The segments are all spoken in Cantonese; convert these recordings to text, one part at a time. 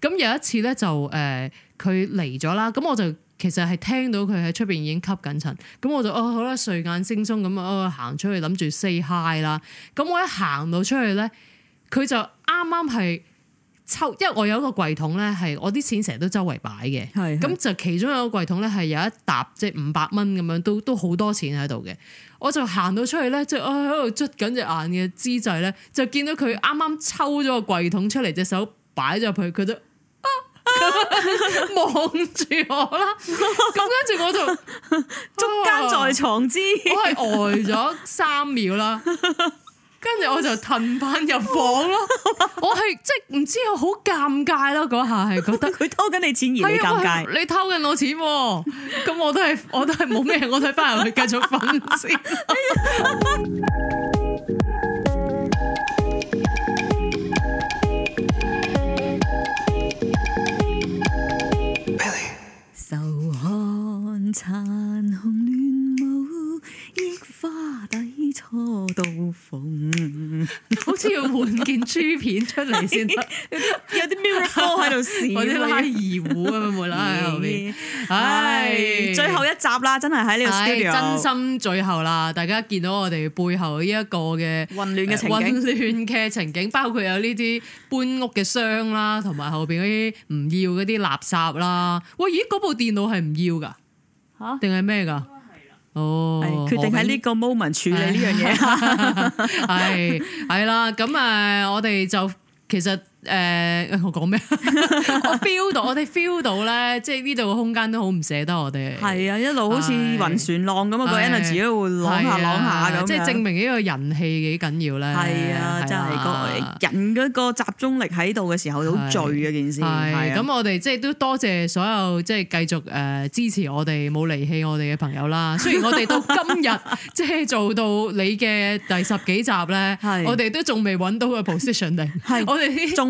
咁有一次咧就誒佢嚟咗啦，咁、呃、我就其實係聽到佢喺出邊已經吸緊塵，咁我就哦好啦，睡眼惺忪咁樣哦，行出去諗住 say hi 啦，咁我一行到出去咧，佢就啱啱係抽，因為我有一個櫃桶咧係我啲錢成日都周圍擺嘅，咁是是 就其中有一個櫃桶咧係有一沓即係五百蚊咁樣，都都好多錢喺度嘅，我就行到出去咧，就喺度捽緊隻眼嘅姿勢咧，就見到佢啱啱抽咗個櫃桶出嚟，隻手擺咗入去，佢都，望住我啦，咁跟住我就 捉奸在床之， 我係呆咗三秒啦，跟住我就褪翻入房咯。 我係即係唔知，我好尷尬咯。嗰下係覺得佢偷緊你錢而，你尷尬，你偷緊我錢，咁 我都係，我都係冇咩，我睇翻入去繼續瞓先。 殘紅亂舞，憶花底初到逢。 好似要換件珠片出嚟先得， 有啲 mirror ball 喺度閃。我啲咩二胡咁樣無啦啦喺後邊。唉、 哎，最後一集啦，真係喺呢度 studio。真心最後啦，大家見到我哋背後呢一個嘅混亂嘅情景，呃、混亂嘅情景，包括有呢啲搬屋嘅箱啦，同埋後邊嗰啲唔要嗰啲垃圾啦。喂，咦，嗰部電腦係唔要噶？定係咩㗎？哦，決定喺呢個 moment 處理呢樣嘢，係係喇。咁，誒，我哋就其實。誒我講咩？我 feel 到，我哋 feel 到咧，即係呢度個空間都好唔捨得我哋。係啊，一路好似暈船浪咁、那個、啊，個 energy 自己會攣下攣下咁，即係證明呢個人氣幾緊要咧。係啊，啊真係個人嗰個集中力喺度嘅時候好醉嘅件事。係，咁我哋即係都多謝所有即係繼續誒支持我哋冇離棄我哋嘅朋友啦。雖然我哋到今日即係做到你嘅第十幾集咧，啊、 我哋都仲未揾到個 position 定。係，我哋仲。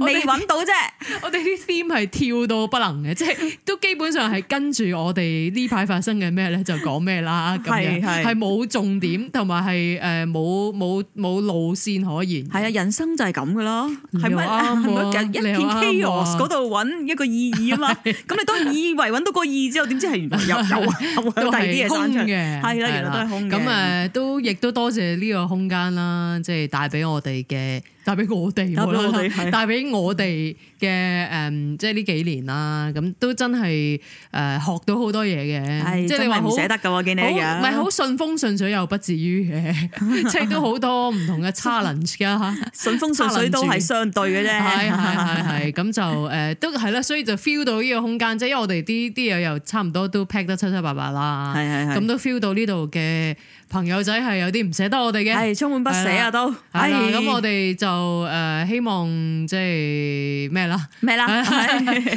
未揾到啫，我哋啲 theme 係跳到不能嘅，即係都基本上係跟住我哋呢排發生嘅咩咧就講咩啦，咁嘅係冇重點，同埋係誒冇冇冇路線可言。係啊，人生就係咁噶咯，係咪？喺一片 chaos 嗰度揾一個意義啊嘛？咁你都以為揾到個意義之後，點知係有？又都第啲嘢新嘅？係啦，原來都係空嘅。咁誒都亦都多謝呢個空間啦，即係帶俾我哋嘅，帶俾我哋，俾我哋。嘅誒，即係呢幾年啦，咁都真係誒學到好多嘢嘅，即係你話好唔捨得嘅喎，見你樣，唔係好順風順水又不至於嘅，即係都好多唔同嘅 challenge 啦嚇，順風順水都係相對嘅啫。係係係係，咁就誒都係啦，所以就 feel 到呢個空間，即係因為我哋啲啲嘢又差唔多都 pack 得七七八八啦，係咁都 feel 到呢度嘅朋友仔係有啲唔捨得我哋嘅，係充滿不捨啊都，係啦，咁我哋就誒希望即係咩？咩啦？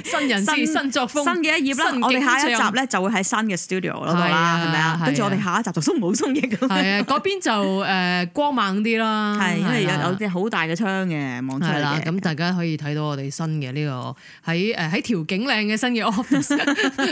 新人新新作風，新嘅一頁啦！我哋下一集咧就會喺新嘅 studio 嗰度啦，係咪啊？跟住我哋下一集就都冇中意。係啊，嗰邊就誒、啊、光猛啲啦。係，因為有有啲好大嘅窗嘅，望出嚟。咁大家可以睇到我哋新嘅呢個喺誒喺調景嶺嘅新嘅 office，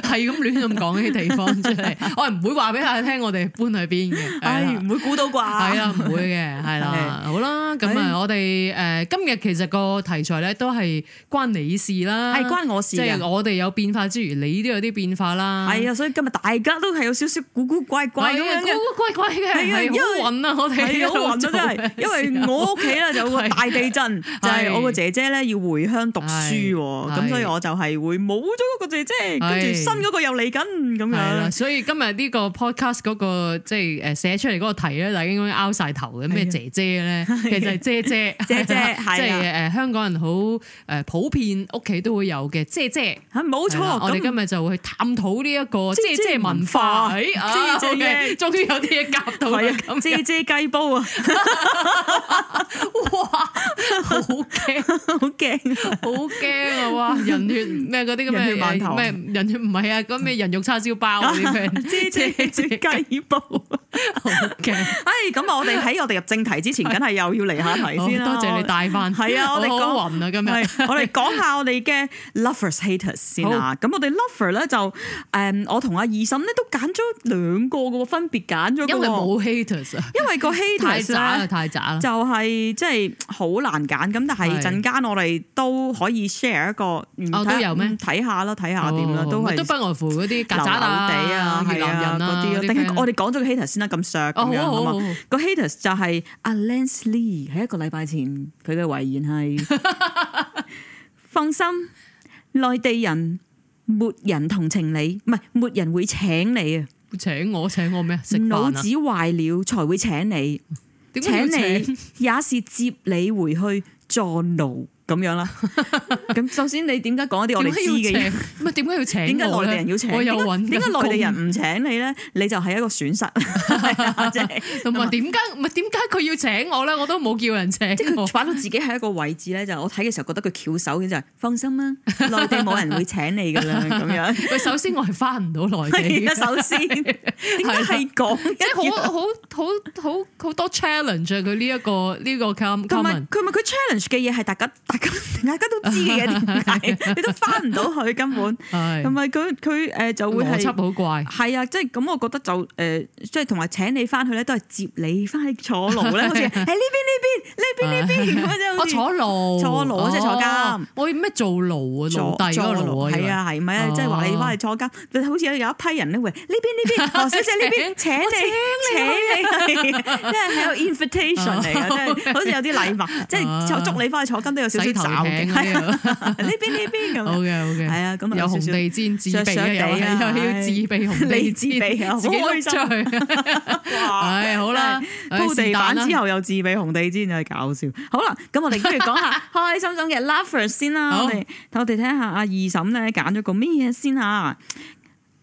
係咁亂咁講啲地方，真係我唔會話俾大家聽我哋搬去邊嘅，係唔、啊、會估到啩？係啊，唔會嘅，係啦，好啦，咁啊，我哋誒今日其實個題材咧都係。關你事啦，係關我事。即係我哋有變化之餘，你都有啲變化啦。係啊，所以今日大家都係有少少古古怪怪咁樣嘅，古古怪怪嘅，係啊，好暈啊！我哋好暈啊！真係，因為我屋企咧就大地震，就係我個姐姐咧要回鄉讀書，咁所以我就係會冇咗嗰個姐姐，跟住新嗰個又嚟緊咁樣。所以今日呢個 podcast 嗰個即係誒寫出嚟嗰個題就已經拗曬頭嘅咩姐姐咧，其實係姐姐姐姐，即係誒香港人好誒普遍屋企都會有嘅，即啫即吓冇錯。我哋今日就會去探討呢一個即啫文化。哎 o 終於有啲嘢夾到啦，啫啫雞煲啊！哇，好驚，好驚，好驚啊！哇，人血咩嗰啲咁嘅饅頭咩人血唔係啊？嗰咩人肉叉燒包啲咩？啫啫雞煲好 k 唉，咁啊，我哋喺我哋入正題之前，梗係又要嚟下題先多謝你帶翻，係啊，我哋好暈啊，今日我哋。講下我哋嘅 lovers haters 先啦。咁我哋 lover 咧就誒，我同阿二嬸咧都揀咗兩個嘅喎，分別揀咗因為個冇 haters，因為個 haters 太渣太渣，就係即係好難揀。咁但係陣間我哋都可以 share 一個，睇下睇下啦，睇下點啦，都都不外乎嗰啲曱甴地啊、熱鬧人嗰啲咯。我哋講咗個 haters 先啦，咁削咁樣好嘛。個 haters 就係阿 Lance Lee，喺一個禮拜前佢嘅遺言係。放心，內地人沒人同情你，唔係，沒人會請你啊！請我，請我咩啊？腦子壞了才會請你，會會請，請你也是接你回去坐牢。咁樣啦，咁首先你點解講一啲我哋知嘅嘢？唔係點解要請？點解內地人要請？我有揾點解內地人唔請你咧？你就係一個損失，同埋點解唔係點解佢要請我咧？我都冇叫人請，即係擺到自己係一個位置咧。就我睇嘅時候覺得佢翹手嘅就係放心啦，內地冇人會請你噶啦咁樣。喂，首先我係翻唔到內地，首先係講即係好好好好好好多 challenge 啊。佢呢一個呢個 comment 佢咪佢咪佢 challenge 嘅嘢係大家。大家都知嘅點解，你都翻唔到去，根本同埋佢佢誒就會係邏輯好怪，係啊，即係咁，我覺得就誒，即係同埋請你翻去咧，都係接你翻去坐牢咧，好似誒呢邊呢邊呢邊呢邊，我坐牢坐牢即係坐監，我咩坐牢啊？坐坐牢，係啊係，咪？啊，即係話你翻去坐監，好似有一批人咧，喂呢邊呢邊小姐呢邊請你請你，即係係個 invitation 嚟嘅，即係好似有啲禮物，即係捉你翻去坐監都有少。頭艇呢？邊呢邊咁。好嘅好嘅。係啊，咁啊有紅地氈自備嘅人，又要自備紅地氈，自己碌出去。哇！唉，好啦，鋪地板之後又自備紅地氈，真係搞笑。好啦，咁我哋不如講下開心心嘅 lovers 先啦。我哋，我哋睇下阿二嬸咧揀咗個咩嘢先吓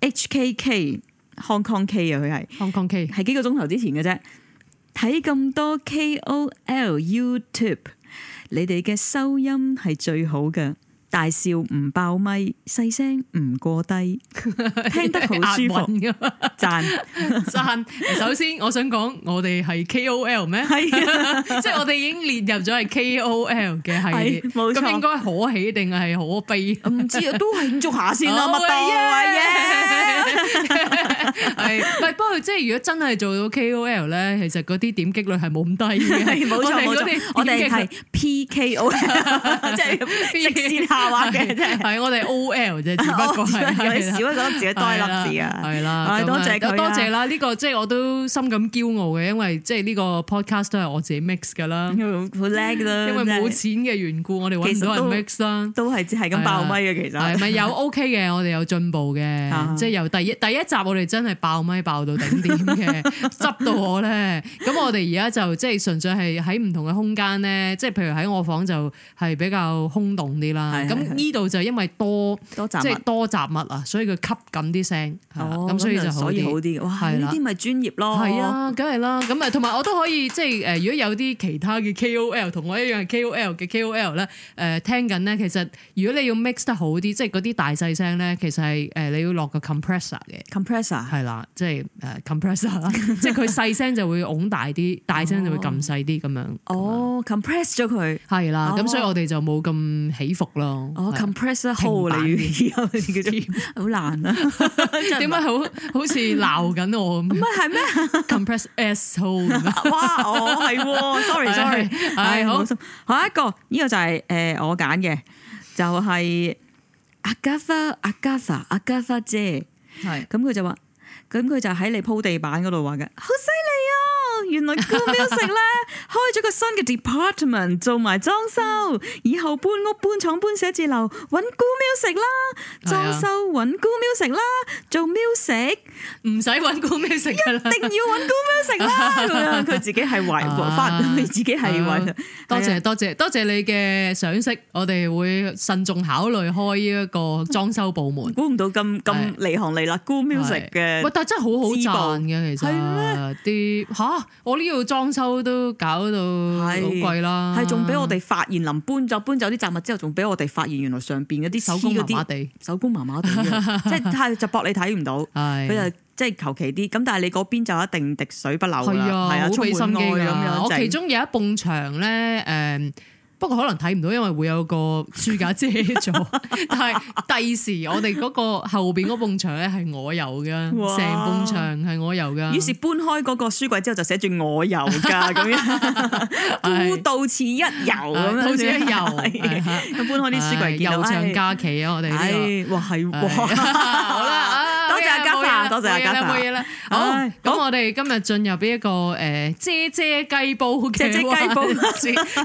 ？HKK Hong Kong K 啊，佢係 Hong Kong K，係幾個鐘頭之前嘅啫。睇咁多 KOL YouTube。你哋嘅收音係最好嘅，大笑唔爆咪，細聲唔過低，聽得好舒服。讚讚！讚首先我想講，我哋係 K O L 咩？啊、即係我哋已經列入咗係 K O L 嘅系列，咁應該可喜定係可悲？唔知啊，都慶祝下先啦，麥當、oh,。係，但係不過即係如果真係做到 K O L 咧，其實嗰啲點擊率係冇咁低嘅。係冇錯，我哋係 P K O L，即係直線下滑嘅，真係。係我哋 O L 啫，只不過係有少咗自己多粒字啊。係啦，多謝佢，多謝啦。呢個即係我都心感驕傲嘅，因為即係呢個 podcast 都係我自己 mix 㗎啦，好叻啦。因為冇錢嘅緣故，我哋揾唔到人 mix 啦，都係係咁爆咪嘅。其實係咪有 OK 嘅？我哋有進步嘅，即係由第一第一集我哋真。真係爆咪爆到頂點嘅，執到我咧。咁我哋而家就即係純粹係喺唔同嘅空間咧，即係譬如喺我房就係比較空洞啲啦。咁呢度就因為多多雜，即係多雜物啊，所以佢吸緊啲聲，咁所以就好啲。哇，呢啲咪專業咯。係啊，梗係啦。咁啊，同埋我都可以即係誒，如果有啲其他嘅 KOL 同我一樣係 KOL 嘅 KOL 咧，誒聽緊咧。其實如果你要 mix 得好啲，即係嗰啲大細聲咧，其實係誒你要落個 compressor 嘅 compressor。係啦，即係誒 compressor，即係佢細聲就會擁大啲，大聲就會撳細啲咁樣。哦，compress 咗佢。係啦，咁所以我哋就冇咁起伏咯。哦，compressor hole 你以後叫好難啊？點解好好似鬧緊我？唔係係咩？compressor hole。哇！哦係，sorry sorry，係好。下一個呢個就係誒我揀嘅，就係阿加莎阿加莎阿加莎姐，係咁佢就話。咁佢就喺你鋪地板嗰度話嘅，好犀利。原來 Goo Music 咧，開咗個新嘅 department 做埋裝修，以後搬屋搬廠搬寫字樓揾 Goo Music 啦，裝修揾 Goo Music 啦，做 music 唔使揾 Goo Music，一定要揾 Goo Music 啦。佢自己係懷，翻到去自己係懷。多謝多謝多謝你嘅賞識，我哋會慎重考慮開一個裝修部門。估唔到咁咁離行離辣 Goo Music 嘅，喂但真係好好賺嘅，其實係咩啲吓？我呢度裝修都搞到係好貴啦，係仲俾我哋發現，臨搬走搬走啲雜物之後，仲俾我哋發現原來上邊嗰啲手工麻麻哋，手工麻麻哋， 即係就博你睇唔到，佢就即係求其啲。咁但係你嗰邊就一定滴水不漏啦，好費心機咁樣。我其中有一埲牆咧，誒、嗯。不過可能睇唔到，因為會有個書架遮咗。但係第時我哋嗰個後邊嗰埲牆咧係我油噶，成半牆係我油噶。於是搬開嗰個書櫃之後就寫住我油噶咁樣，到此一遊咁樣。好似一遊，咁搬開啲書櫃，又長假期啊！我哋，呢哇係，好啦。多謝大家啦，冇嘢啦。好，咁我哋今日進入呢一個誒，呃、姐姐雞姐姐雞煲嘅姐姐雞煲，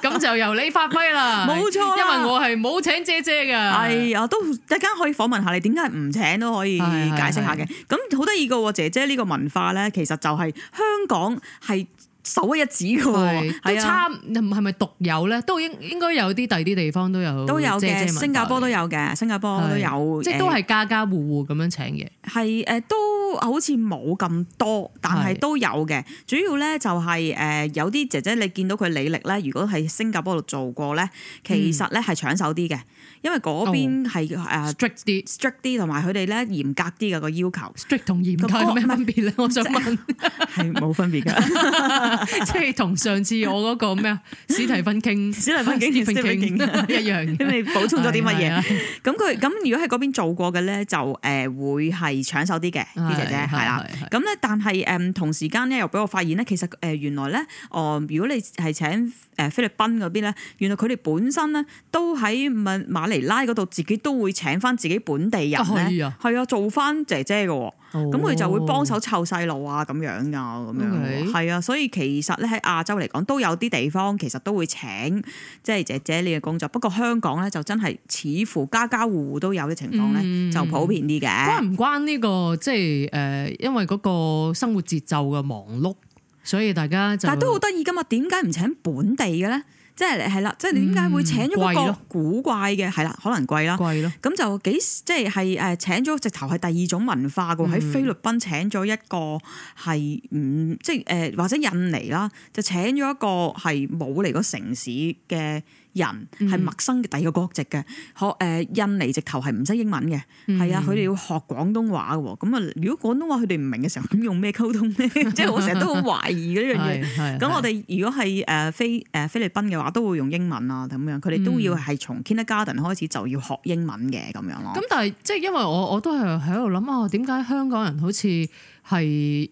咁就由你發揮啦。冇錯啦，因為我係冇請姐姐噶。哎呀，都大家可以訪問下你，點解唔請，都可以解釋下嘅。咁好得意嘅，姐姐呢個文化咧，其實就係香港係。手一指嘅，都差，係咪獨有咧？都應應該有啲第二啲地方都有姐姐，都有嘅，新加坡都有嘅，新加坡都有，的呃、即係都係家家戶戶咁樣請嘅。係誒、呃，都好似冇咁多，但係都有嘅。的主要咧就係、是、誒、呃，有啲姐姐你見到佢履歷咧，如果喺新加坡度做過咧，其實咧係搶手啲嘅。嗯因為嗰邊係 strict 啲，strict 啲同埋佢哋咧嚴格啲嘅個要求。strict 同嚴格有咩分別咧？我想問，係冇分別㗎，即係同上次我嗰個咩啊史提芬傾，史提芬傾，史提芬傾一樣。你 補充咗啲乜嘢？咁佢咁如果喺嗰邊做過嘅咧，就誒會係搶手啲嘅，啲姐姐係啦。咁咧，但係誒同時間咧又俾我發現咧，其實誒原來咧，哦、呃，如果你係請誒菲律賓嗰邊咧，原來佢哋本身咧都喺馬馬尼拉嗰度，自己都會請翻自己本地人咧，係啊，啊，做翻姐姐嘅，咁佢、oh. 就會幫手湊細路啊，咁樣啊，咁樣，係啊，所以其實咧喺亞洲嚟講，都有啲地方其實都會請即係姐姐你嘅工作，不過香港咧就真係似乎家家戶戶都有嘅情況咧，就普遍啲嘅、嗯。關唔關呢、呢個即係誒、呃？因為嗰個生活節奏嘅忙碌，所以大家就但都好得意噶嘛。點解唔請本地嘅咧？即係係啦，即係你點解會請咗嗰個古怪嘅？係啦，可能貴啦，貴咯了，咁就幾即係係誒請咗直頭係第二種文化嘅喎，喺菲律賓請咗一個係唔即係誒或者印尼啦，就請咗一個係冇嚟過城市嘅人，係陌生嘅第二個國籍嘅，學誒印尼直頭係唔識英文嘅，係啊，佢哋要學廣東話嘅喎，咁啊，如果廣東話佢哋唔明嘅時候，咁用咩溝通咧？即 係我成日都好懷疑呢樣嘢。咁我哋如果係誒菲誒菲律賓嘅話。都會用英文啊，咁樣佢哋都要係從 Kindergarten 開始就要學英文嘅咁、嗯、樣咯。咁但係即係因為我我都係喺度諗啊，點解香港人好似係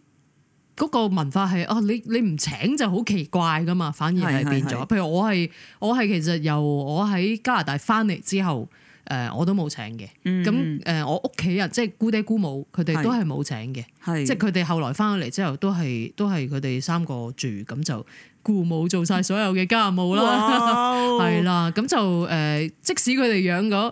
嗰個文化係啊？你你唔請就好奇怪噶嘛，反而係變咗。是是是譬如我係我係其實由我喺加拿大翻嚟之後，誒、呃、我都冇請嘅。咁誒、嗯呃、我屋企人即係姑爹姑母，佢哋都係冇請嘅。是是即係佢哋後來翻咗嚟之後，都係都係佢哋三個住咁就。父母做晒所有嘅家務啦哇、哦， 係啦，咁就誒，即使佢哋養咗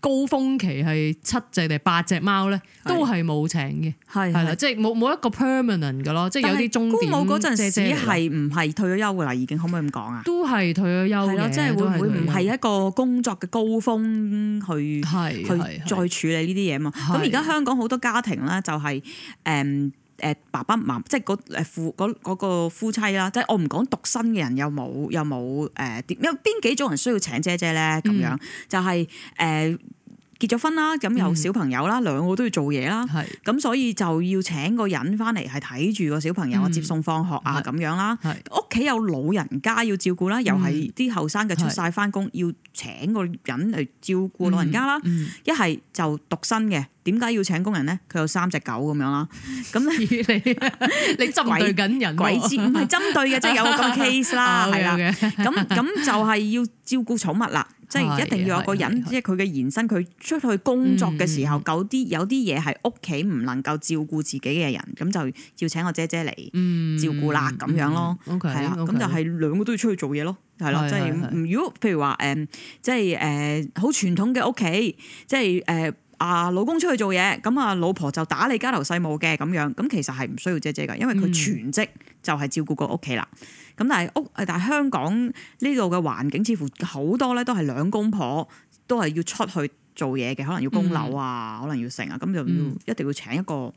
高峰期係七隻定八隻貓咧，都係冇請嘅，係係啦，即係冇冇一個 permanent 嘅咯，即係是有啲中，父母嗰陣時係唔係退咗休啦，已經可唔可以咁講啊？都係退咗休嘅，即係、就是、會唔會唔係一個工作嘅高峰去的去再處理呢啲嘢嘛？咁而家香港好多家庭咧就係誒。誒爸爸媽媽即係嗰誒夫個夫妻啦，即係我唔講獨身嘅人有冇有冇誒？有邊幾種人需要請姐姐咧？咁樣就係誒結咗婚啦，咁有小朋友啦，兩個都要做嘢啦，咁所以就要請個人返嚟係睇住個小朋友啊，接送放學啊咁樣啦。屋企有老人家要照顧啦，又係啲後生嘅出晒返工，要請個人嚟照顧老人家啦。一係就獨身嘅。點解要請工人咧？佢有三隻狗咁樣啦，咁你你針對緊人，鬼知唔係針對嘅，即係有個 case 啦，係 啦樂，咁咁 就係要照顧寵物啦，即係一定要有個人， 即係佢嘅延伸，佢出去工作嘅時候，啲有啲嘢係屋企唔能夠照顧自己嘅人，咁就、 嗯、要請個姐姐嚟照顧啦，咁 樣咯，係啦 Okay, okay 對，咁就係兩個都要出去做嘢咯，係咯， 即係如果譬如話誒，即係誒好傳統嘅屋企，即係誒。呃啊，老公出去做嘢，咁啊，老婆就打理家頭細務嘅咁樣，咁其實係唔需要姐姐噶，因為佢全職就係照顧個屋企啦。咁、嗯、但係屋，但係香港呢度嘅環境似乎好多咧，都係兩公婆都係要出去做嘢嘅，可能要供樓啊，嗯、可能要成啊，咁就一定要請一個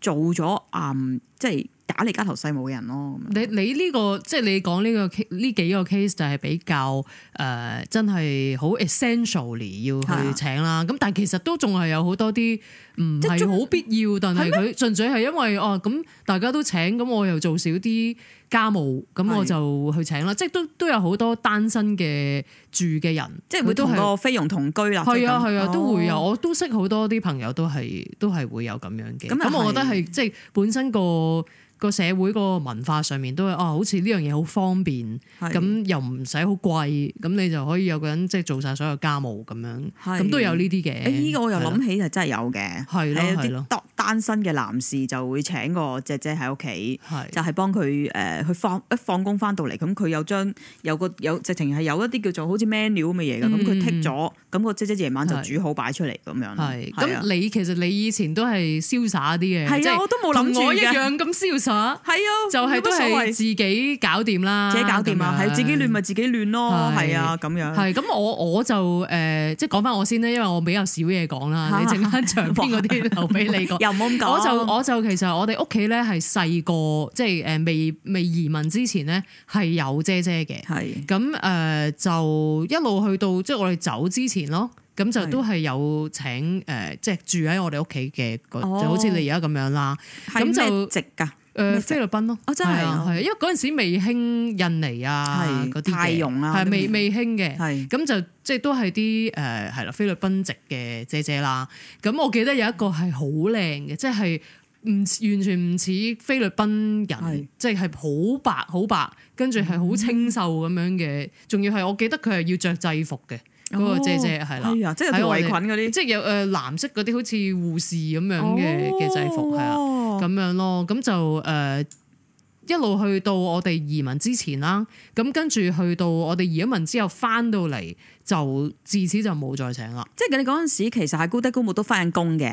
做咗嗯，即係。打理家頭細務嘅人咯，你你呢、這個即係你講呢、這個呢幾個 case 就係比較誒、呃、真係好 essentially 要去請啦。咁、啊、但係其實都仲係有好多啲唔係好必要，啊、但係佢純粹係因為哦咁、啊、大家都請，咁我又做少啲家務，咁我就去請啦。啊、即係都都有好多單身嘅住嘅人，啊、都即係會同個菲傭同居啦。係啊係啊，都、啊、會有，我都識好多啲朋友都係都係會有咁樣嘅。咁，我覺得係即係本身個。個社會個文化上面都係啊，好似呢樣嘢好方便，咁又唔使好貴，咁你就可以有個人即係做晒所有家務咁樣，咁都有呢啲嘅。依個我又諗起就真係有嘅，係咯，啲單身嘅男士就會請個姐姐喺屋企，就係幫佢誒去放一放工翻到嚟，咁佢又張有個有直情係有一啲叫做好似 menu 咁嘅嘢㗎，咁佢剔咗，咁個姐姐夜晚就煮好擺出嚟咁樣。係，咁你其實你以前都係瀟灑啲嘅，係我都冇諗過一樣咁瀟灑。係啊，就係都係自己搞掂啦，自己搞掂啊，係自己亂咪自己亂咯，係啊，咁樣。係咁我我就誒，即係講翻我先啦，因為我比較少嘢講啦，你整翻長篇嗰啲留俾你講。又冇咁講，我就我就其實我哋屋企咧係細個，即係誒未未移民之前咧係有姐姐嘅，係咁誒就一路去到即係我哋走之前咯，咁就都係有請誒即係住喺我哋屋企嘅，就好似你而家咁樣啦。咁就。直噶？誒、呃、菲律賓咯，啊真係，係、啊啊、因為嗰陣時未興印尼啊嗰啲太陽啦，未未興嘅，咁是就即係、就是、都係啲誒係啦菲律賓籍嘅姐姐啦。咁我記得有一個係好靚嘅，即係唔完全唔似菲律賓人，即係好白好白，跟住係好清秀咁樣嘅，仲、嗯、要係我記得佢係要着制服嘅。嗰個姐姐係啦，喺圍、喔啊、裙嗰啲，即係、啊就是、有誒、呃、藍色嗰啲好似護士咁樣嘅嘅制服係啊，咁、喔、樣咯，咁就誒、呃、一路去到我哋移民之前啦，咁跟住去到我哋移咗民之後翻到嚟，就自此就冇再請啦。即係你嗰陣時其實係姑爹姑母都翻緊工嘅，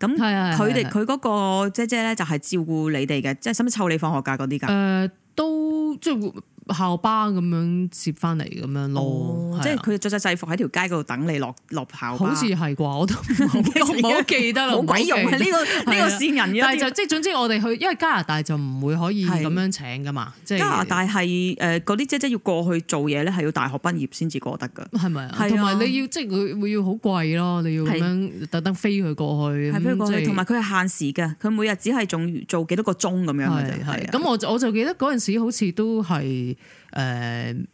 咁佢哋佢嗰個姐姐咧就係照顧你哋嘅，即係使唔使湊你放學假嗰啲噶？誒、呃，都即係。校巴咁樣接翻嚟咁樣咯，即係佢着晒制服喺條街嗰度等你落落校。好似係啩，我都唔係好記得，冇鬼用啊！呢個呢個線人。但係就即係總之，我哋去，因為加拿大就唔會可以咁樣請噶嘛。加拿大係誒嗰啲姐姐要過去做嘢咧，係要大學畢業先至過得㗎。係咪啊？係啊！同埋你要即係佢會要好貴咯，你要咁樣特登飛佢過去。係飛過去，同埋佢係限時㗎，佢每日只係做做幾多個鐘咁樣。係係。咁我我就記得嗰陣時好似都係。誒，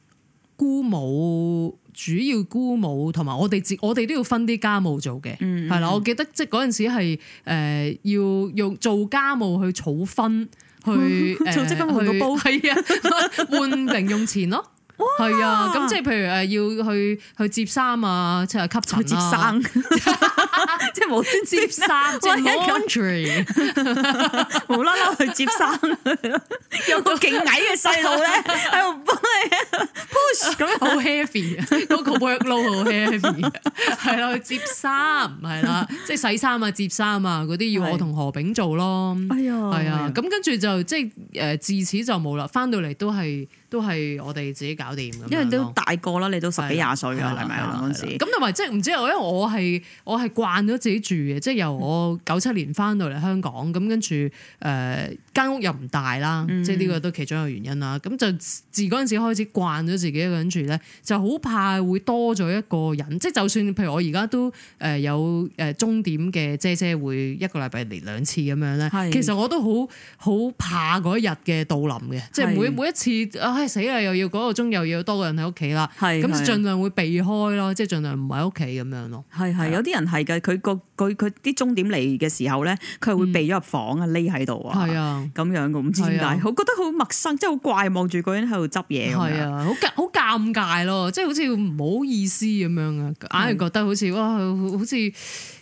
姑、呃、母主要姑母同埋我哋自己，我哋都要分啲家務做嘅，係啦、嗯。我記得即係嗰陣時係誒、呃、要用做家務去儲分，去儲積分去煲係啊，換零用錢咯。哇，係啊，咁即係譬如誒要去去折衫啊，即係吸塵接生啊。 即係冇接衫，即係冇啦啦去接衫， 有個勁矮嘅細路咧，喺度幫佢 push，咁樣好 heavy，嗰 個 work load 好 heavy，係啦， 去接生接衫係啦，即係洗衫啊、接衫啊，嗰啲要我同何炳做咯，係啊，咁跟住就即係誒自此就冇啦，翻到嚟都係。都係我哋自己搞掂，因為都大個啦，你都十幾廿歲啦，係咪啊嗰陣時？咁同埋即係唔知啊，因為我係我係慣咗自己住嘅，即係由我九七年翻到嚟香港咁，跟住誒，呃間屋又唔大啦，即係呢個都其中一個原因啦。咁就自嗰陣時開始慣咗自己一個人住咧，就好怕會多咗一個人。即係就算譬如我而家都誒有誒鐘點嘅姐姐會一個禮拜嚟兩次咁樣咧，其實我都好好怕嗰一日嘅到臨嘅，即係每每一次，唉，死啦，又要嗰個鐘又要多個人喺屋企啦，咁就盡量會避開咯，即係盡量唔喺屋企咁樣咯。係，係有啲人係嘅，佢個。佢佢啲鐘點嚟嘅時候咧，佢會避咗入房、嗯、啊，匿喺度啊，啊，咁樣嘅，唔知點解，我覺得好陌生，即係好怪，望住嗰人喺度執嘢，係啊，好好尷尬咯，即係好似唔好意思咁樣啊，硬係覺得好似哇，好似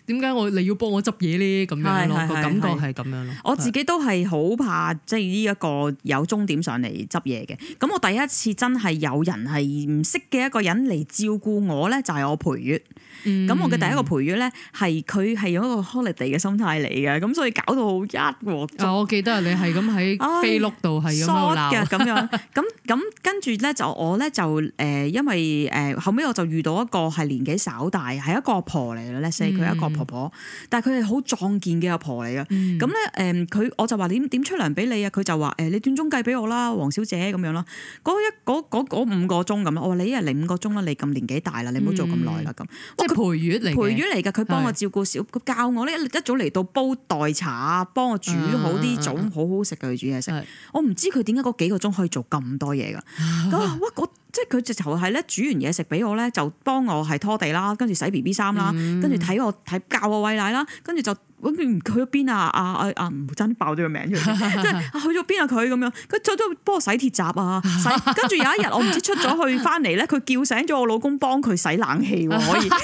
點解我你要幫我執嘢咧咁樣咯，個感覺係咁樣咯。是我自己都係好怕，即係呢一個有鐘點上嚟執嘢嘅。咁我第一次真係有人係唔識嘅一個人嚟照顧我咧，就係、是、我陪月。咁、嗯、我嘅第一個陪月咧，係佢係用一個 holiday 嘅心態嚟嘅，咁所以搞到一鑊就、啊、我記得、啊、你係咁喺飛碌度係咁鬧嘅咁樣咁。 咁跟住咧就我咧就誒，因為誒後尾我就遇到一個係年紀稍大，係一個婆嚟嘅咧，佢係、嗯、一個婆婆，但係佢係好壯健嘅阿婆嚟嘅。咁咧誒，佢、嗯嗯、我就話點點出糧俾你啊？佢就話誒，你段鐘計俾我啦，黃小姐咁樣啦。嗰、那個、一個、那個、五個鐘咁，我話你一日零五個鐘啦，你咁年紀大啦，你唔好做咁耐啦咁。嗯、即係陪月嚟，陪月嚟㗎，佢幫我照顧小，佢教我咧一早嚟到煲代茶，幫我煮好啲餸，嗯、好好食嘅佢煮嘢食。我唔知佢點解嗰幾個鐘可以做咁多嘢。嘢噶，咁我我即係佢直頭係咧煮完嘢食俾我咧，就幫我係拖地啦，跟住洗 B B 衫啦，跟住睇我睇教我喂奶啦，跟住就搵佢去咗邊啊啊啊唔爭爆咗個名出嚟，即係 去咗邊啊佢咁樣，佢再都幫我洗鐵閘啊，洗跟住 有一日我唔知出咗去翻嚟咧，佢叫醒咗我老公幫佢洗冷氣喎，可以。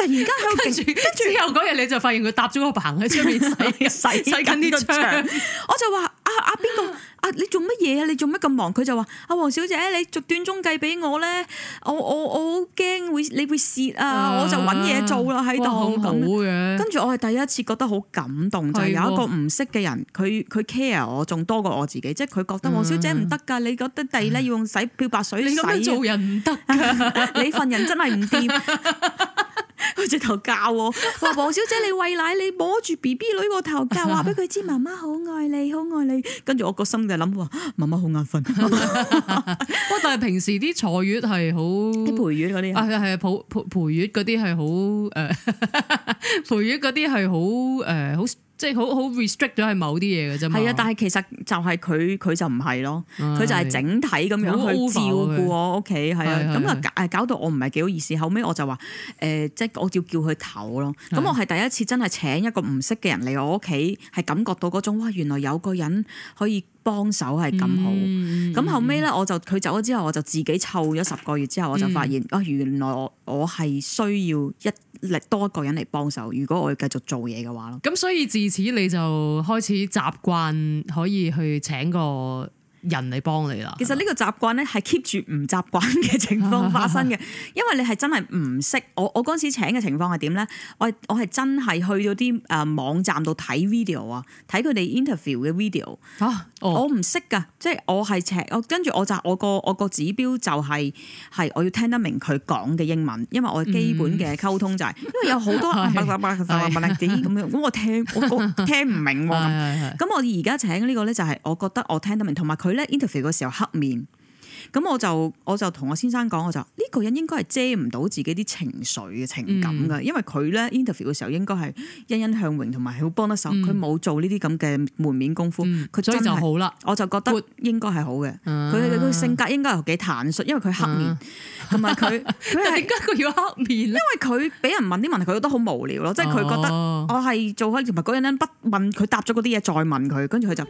突然間喺度跟住，跟住後嗰日你就發現佢搭咗個棚喺出面洗洗緊呢個窗，我就話：阿阿邊個？阿你做乜嘢啊？你做乜咁忙？佢就話：阿黃小姐，你逐段鐘計俾我咧，我我我好驚會你會蝕啊！我就搵嘢做啦喺度咁。跟住我係第一次覺得好感動，就有一個唔識嘅人，佢佢 care 我，仲多過我自己，即係佢覺得黃小姐唔得噶，你覺得第咧要用洗漂白水洗？你咁樣做人唔得，你份人真係唔掂。佢直頭教我，話黃小姐 你喂奶，你摸住 B B 女個頭教。」話俾佢知媽媽好愛你，好愛你。跟住我個心就諗話，媽媽好眼瞓。不 過 但係平時啲坐月係好啲陪月嗰啲，啊係啊，陪陪陪月嗰啲係好誒，陪月嗰啲係好誒好。呃即係好好 restrict 咗係某啲嘢嘅啫嘛。係啊，但係其實就係佢佢就唔係咯，佢就係整體咁樣去照顧我屋企係啊。咁啊搞到我唔係幾好意思，後尾我就話誒即係我要叫佢唞咯。咁我係第一次真係請一個唔識嘅人嚟我屋企，係感覺到嗰種哇原來有個人可以。幫手係咁好，咁、嗯、後尾咧，我就佢走咗之後，我就自己湊咗十個月之後，我就發現啊，嗯、原來我我係需要一力多一個人嚟幫手，如果我要繼續做嘢嘅話咯。咁所以自此，你就開始習慣可以去請個。人嚟幫你啦。其實呢個習慣咧係 keep 住唔習慣嘅情況發生嘅， 因為你係真係唔識。我我嗰陣時請嘅情況係點咧？我我係真係去咗啲誒網站度睇 video 啊，睇佢哋 interview 嘅 video。我唔識㗎，即係我係請我跟住我就我個我個指標就係、是、係我要聽得明佢講嘅英文，因為我基本嘅溝通就係、是嗯、 因為有好多咁樣 是，咁、 嗯、我聽我聽 是、 嗯、我聽唔明咁我而家請呢個咧就係我覺得我聽得明，同埋佢。佢咧 interview 個時候黑面，咁我就我就同我先生講，我就呢個人應該係遮唔到自己啲情緒嘅情感噶，嗯、因為佢咧 interview 個時候應該係欣欣向榮，同埋好幫得手，佢冇、嗯、做呢啲咁嘅門面功夫，佢、嗯、所以就好啦。我就覺得應該係好嘅，佢佢、啊、性格應該係幾坦率，因為佢黑面，同埋佢佢點解佢要黑面？因為佢俾人問啲問題，佢覺得好無聊咯，即係佢覺得我係做開同埋嗰人不問佢答咗嗰啲嘢再問佢，跟住佢就。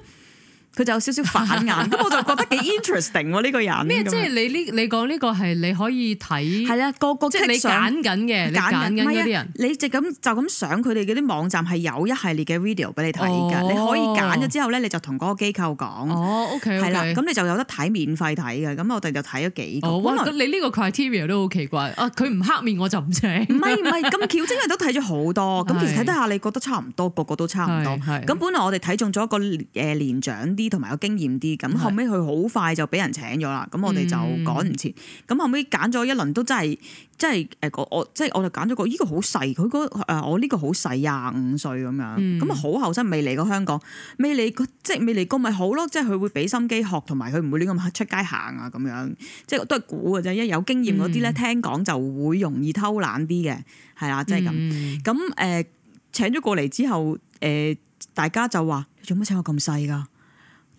佢就有少少反眼，咁我就覺得幾 interesting 喎呢個人。咩即係你呢？你講呢個係你可以睇係啊個個即係你揀緊嘅揀緊嗰啲人，你就咁就咁上佢哋嗰啲網站係有一系列嘅 video 俾你睇嘅，你可以揀咗之後咧，你就同嗰個機構講。哦，OK，係啦，咁你就有得睇免費睇嘅。咁我哋就睇咗幾個。本來你呢個 criteria 都好奇怪啊！佢唔黑面我就唔請。唔係唔係咁，橋真係都睇咗好多。咁其實睇得下，你覺得差唔多，個個都差唔多。係咁，本來我哋睇中咗一個誒年長。同埋有經驗啲，咁後尾佢好快就俾人請咗啦。咁的我哋就趕唔切。咁後尾揀咗一輪都真係，真係誒我即係我就揀咗個依、呢個好細，佢嗰誒我呢個好細廿五歲咁、嗯、樣，咁啊好後生未嚟過香港，未嚟過即係未嚟過咪好咯，即係佢會俾心機學，同埋佢唔會亂咁出街行啊咁樣，即係都係估嘅啫。一有經驗嗰啲咧，嗯、聽講就會容易偷懶啲嘅，係啦，即係咁咁誒請咗過嚟之後，誒、呃、大家就話做乜請我咁細㗎？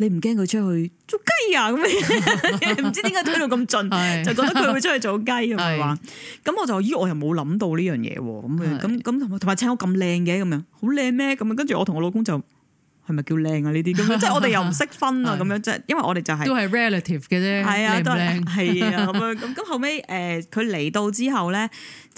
你唔驚佢出去做雞啊？咁你唔知點解推到咁盡， 就覺得佢會出去做雞，係咪話？咁我就咦，我又冇諗到呢樣嘢喎。咁佢的，咁咁同埋請我咁靚嘅，咁樣好靚咩？咁跟住我同我老公就係咪叫靚啊？呢啲咁樣， 即係我哋又唔識分啊！咁樣即係，因為我哋就係、是、都係 relative 嘅啫，係啊的，都係係啊，咁樣咁咁後尾誒，佢嚟到之後咧。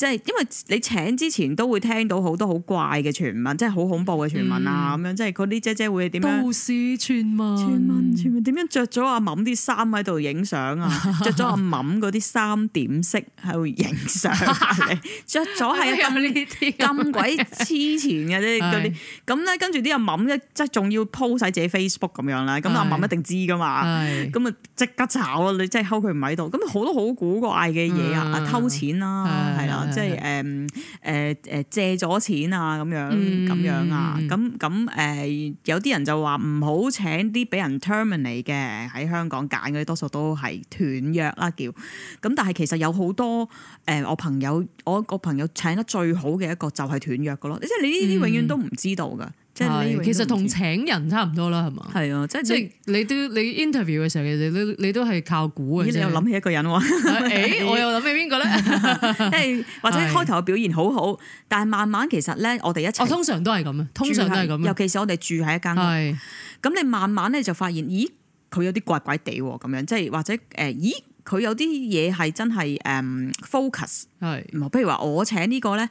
即係因為你請之前都會聽到好多好怪嘅傳聞，即係好恐怖嘅傳聞啊咁樣，即係嗰啲姐姐會點樣都市傳聞，傳聞傳聞點樣着咗阿敏啲衫喺度影相啊？着咗阿敏嗰啲三點式喺度影相，着咗係咁呢啲咁鬼黐纏嘅啫嗰啲。咁咧跟住啲阿敏咧，即係仲要 po 晒自己 Facebook 咁樣啦。咁阿敏一定知噶嘛，咁啊即刻炒咯。你即係睺佢唔喺度，咁好多好古怪嘅嘢啊！偷錢啦，係啦。即係，誒誒誒借咗錢，啊咁樣咁樣啊咁，咁誒，有啲人就話唔好請啲俾人 terminate 嚟嘅，喺香港揀嗰啲多數都係斷約啦叫咁，但係其實有好多誒、呃、我朋友我個朋友請得最好嘅一個就係斷約嘅咯，即係你呢啲永遠都唔知道㗎。嗯。係，其實同請人差唔多啦，係嘛？係啊，即係即係你都你,你 interview 嘅時候，你都你都係靠估嘅。你又諗起一個人喎、啊，誒、啊欸，我又諗起邊個咧？即係 或者開頭嘅表現好好，但係慢慢其實咧，我哋一我通常都係咁啊，通常都係咁啊。在尤其是我哋住喺一間，咁是你慢慢咧就發現，咦，佢有啲怪怪地咁樣，即係或者誒，咦，佢有啲嘢係真係誒 focus 係是，不如話我請呢、這個咧。